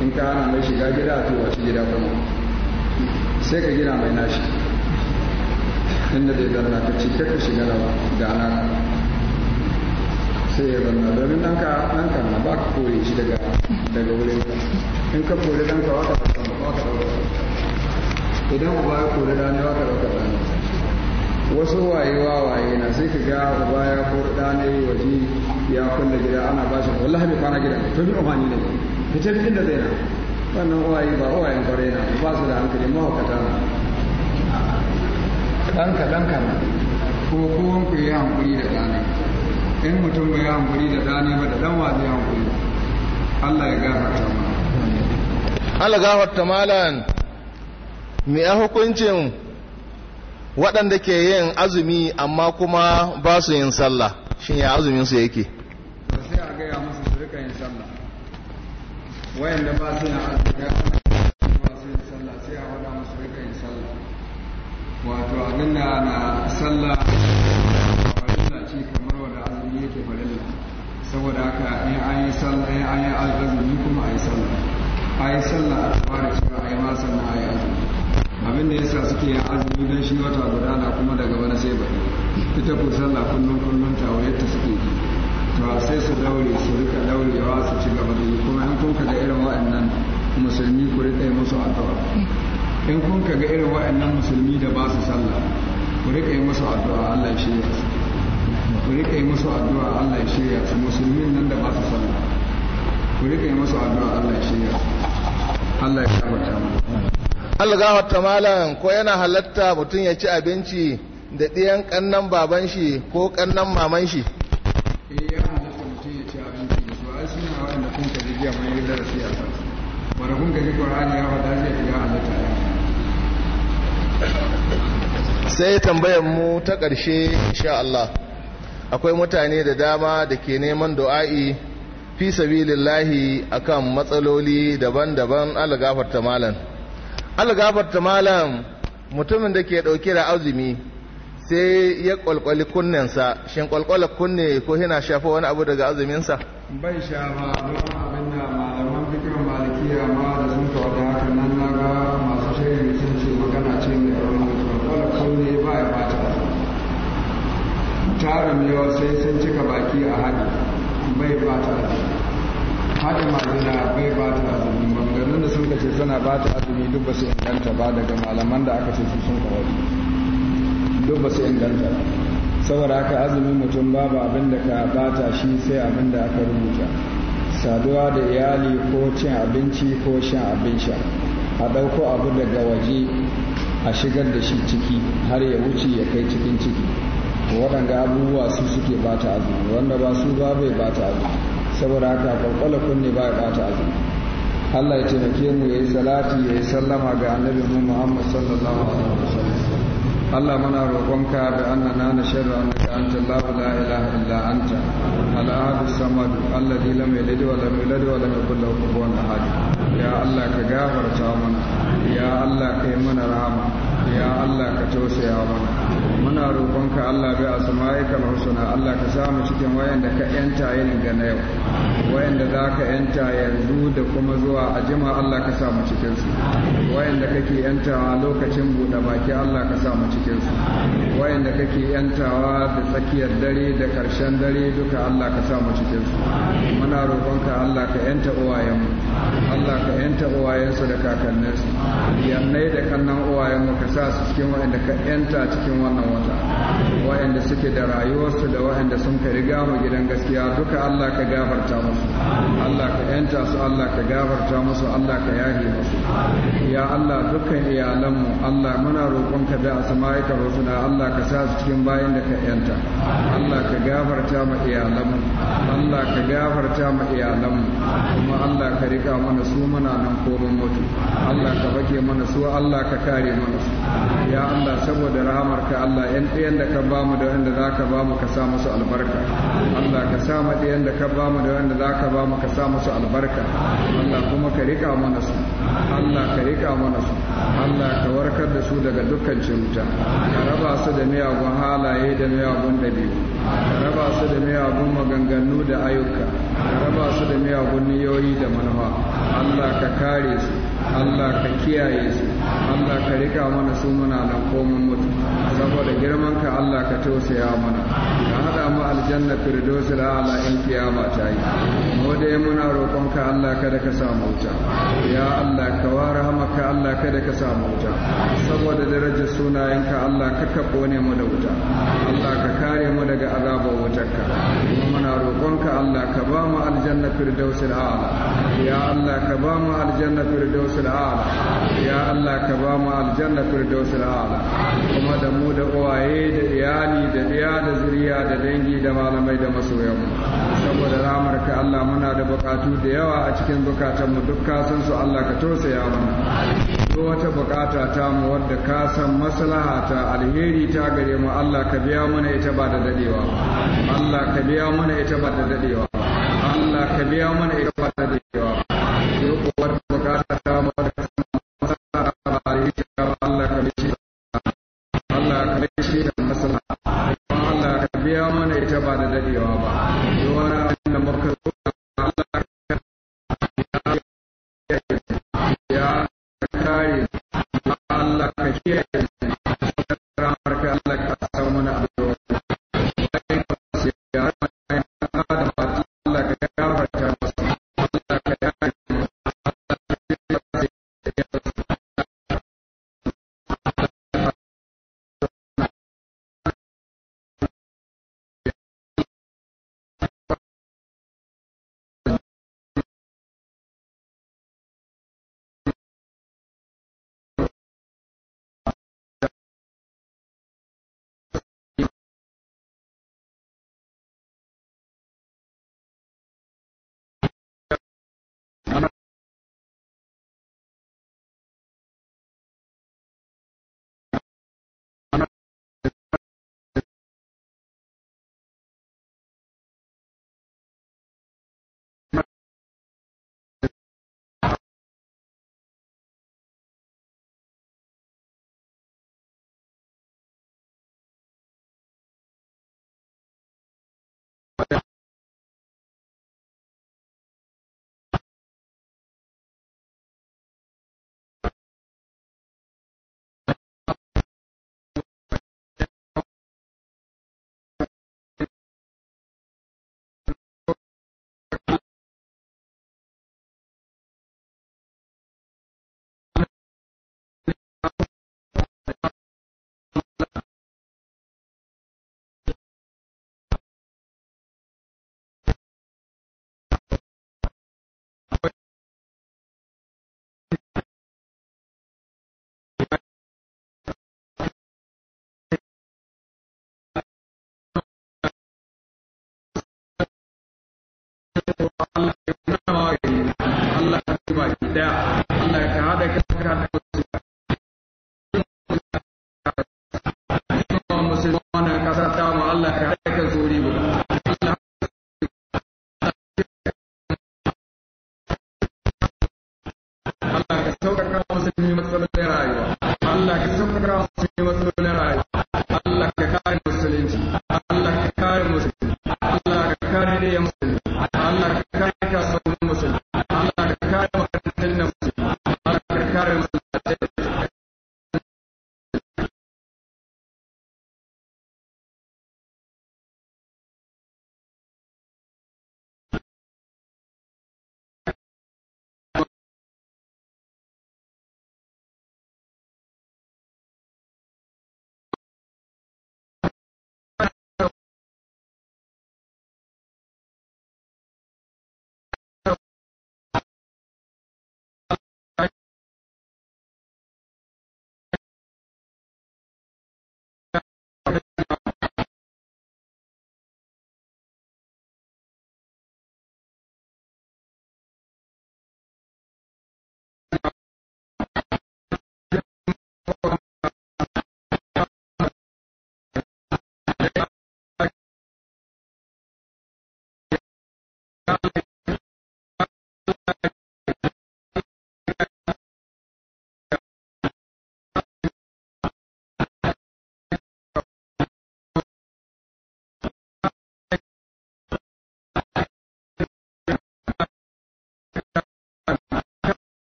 in ka hana mai shiga gida to wasu gida kuma sai ka gina mai nashi inda zai zanna ka ci ka shiga da gana sai ya zanna domin ɗanka ɗanka na ba ka kore shi daga daga wurin in ka kore ɗanka waka wata idan uba ya kore ɗane waka waka ɗane wasu waye na sai ka ga uba ya kore ɗane waje ya kulle gida ana ba shi wallahi bai kwana gida to ni umani ne fita bi inda zai na wannan uwaye ba uwayen kware na ba su da hankali mahaukata na ɗan kaɗan na ko kowan ku yi hankuri da ɗane in mutum bai yi hankuri da ɗane ba da ɗan wa zai hankuri Allah ya gafarta ma. Allah gafarta malan me ya hukuncin waɗanda ke yin azumi amma kuma ba su yin sallah shin ya azumin su yake sai a gaya musu su rika yin sallah wayanda ba su na azumi ba su yin sallah sai a wada musu rika yin sallah wato abin da na sallah farilla ce kamar wada azumi yake farilla saboda haka in an yi sallah in an yi azumi kuma a yi sallah a yi sallah a fara cewa a yi ma sannan a yi azumi abin da yasa suke yin azumi don shi wata guda na kuma daga bana sai baki ita ku sallah kullum kullum tawayyarta suke yi to sai su daure su rika daurewa su ci gaba da yi kuma in kun ga irin wa'annan musulmi ku rika yi musu addu'a in kun ga irin wa'annan musulmi da ba su sallah ku rika yi musu addu'a Allah ya shirya su ku rika yi musu addu'a Allah ya shirya su musulmin nan da ba su sallah ku rika yi musu addu'a Allah ya shirya su Allah ya tabbata mu algawar malam ko yana halatta mutum ya ci abinci da ɗiyan ƙannan baban shi ko ƙannan maman shi eh, ya sai tambayar mu ta ƙarshe insha Allah akwai mutane da dama da ke neman du'a'i fi sabilillahi akan matsaloli daban-daban algafarta malam algafarta malam mutumin da ke dauke da azumi sai ya kwalkwali kunnensa shin kwalkwala kunne ko yana shafa wani abu daga azuminsa bai shafa don abin da malaman fikirin malikiya ma da sun kawo da haka nan na ga masu shirin sun ce magana ce mai rauni kwalkwala kunne ba ya bata tarin yau sai sun cika baki a haɗi bai bata haɗe magana bai ba da azumi maganganun da sun kace suna ba da azumi duk ba su inganta ba daga malaman da aka ce su sun kawai duk ba su inganta saboda haka azumi mutum babu abin da ka bata shi sai abin da aka rubuta saduwa da iyali ko cin abinci ko shan abin sha a ɗauko abu daga waje a shigar da shi ciki har ya wuce ya kai cikin ciki waɗanga abubuwa su suke bata azumi wanda ba su ba bai bata azumi saboda haka kwalkwala kunne ba ya bata azumi Allah ya taimake mu yayi salati yayi sallama ga annabi mu Muhammad sallallahu alaihi wasallam Allah muna roƙonka da annana na sharra annaka anta la ilaha illa anta al-ahad as-samad alladhi lam yalid wa lam yulad wa lam yakul lahu kufuwan ahad ya Allah ka gafarta mana ya Allah kai mana rahama ya Allah ka tausaya mana muna roƙonka Allah bai asma'ikal husna Allah ka mu cikin wayanda ka yanta yin ga na yau wayanda za ka yanta yanzu da kuma zuwa a jima Allah ka mu cikin su wayanda kake yantawa lokacin buɗe baki Allah ka mu cikin su wayanda kake yantawa da tsakiyar dare da ƙarshen dare duka Allah ka mu cikin su muna roƙonka Allah ka yanta uwayenmu Allah ka yanta su da kakanninsu yannai da kannan uwayenmu ka sa sa su cikin waɗanda ka yanta cikin wannan wata waɗanda suke da rayuwarsu da waɗanda sun ka riga mu gidan gaskiya duka Allah ka gafarta musu Allah ka yanta su Allah ka gafarta musu Allah ka yahi musu ya Allah dukkan iyalanmu Allah muna roƙon ka da asma'ika husna Allah ka sa su cikin bayan da ka yanta Allah ka gafarta ma iyalanmu Allah ka gafarta ma iyalanmu kuma Allah ka rika mana su muna nan komin mutu Allah ka bake mana su Allah ka kare mana su ya Allah saboda rahamarka Allah yan ɗayan da ka bamu da wanda za ka bamu ka sa musu albarka Allah ka sa mu ɗayan da ka bamu da wanda za ka bamu ka sa musu albarka Allah kuma ka rika mana su Allah ka rika mana su Allah ka warkar da su daga dukkan cinta ka raba su da miyagun halaye da miyagun dabi'u ka raba su da miyagun maganganu da ayyuka ka raba su da miyagun niyoyi da manufa Allah ka kare su Allah ka kiyaye su Allah ka rika mana su muna nan komin mutu saboda girman ka Allah ka tausaya mana ka hada mu aljanna firdaus ala in kiyama ta yi mu dai muna roƙon ka Allah kada ka samu wuta ya Allah ka ware hamaka Allah kada ka samu wuta saboda darajar sunayen ka Allah ka kabo ne mu da wuta Allah ka kare mu daga azabar wutar wutarka muna roƙon ka Allah ka ba mu aljanna firdaus ala ya Allah ka ba mu aljanna firdaus ala ya Allah ka ba mu aljanna firdaus ala kuma da mu mu da ƙwaye da iyali da ɗiya da zuriya da dangi da malamai da masoyan saboda ramar ka Allah muna da bukatu da yawa a cikin bukatan mu duk kasan su Allah ka tausaya mana ko wata bukata ta mu wadda ka san maslaha ta alheri ta gare mu Allah ka biya mana ita ba da dadewa Allah ka biya mana ita ba da dadewa Allah ka biya mana ita ba da dadewa again.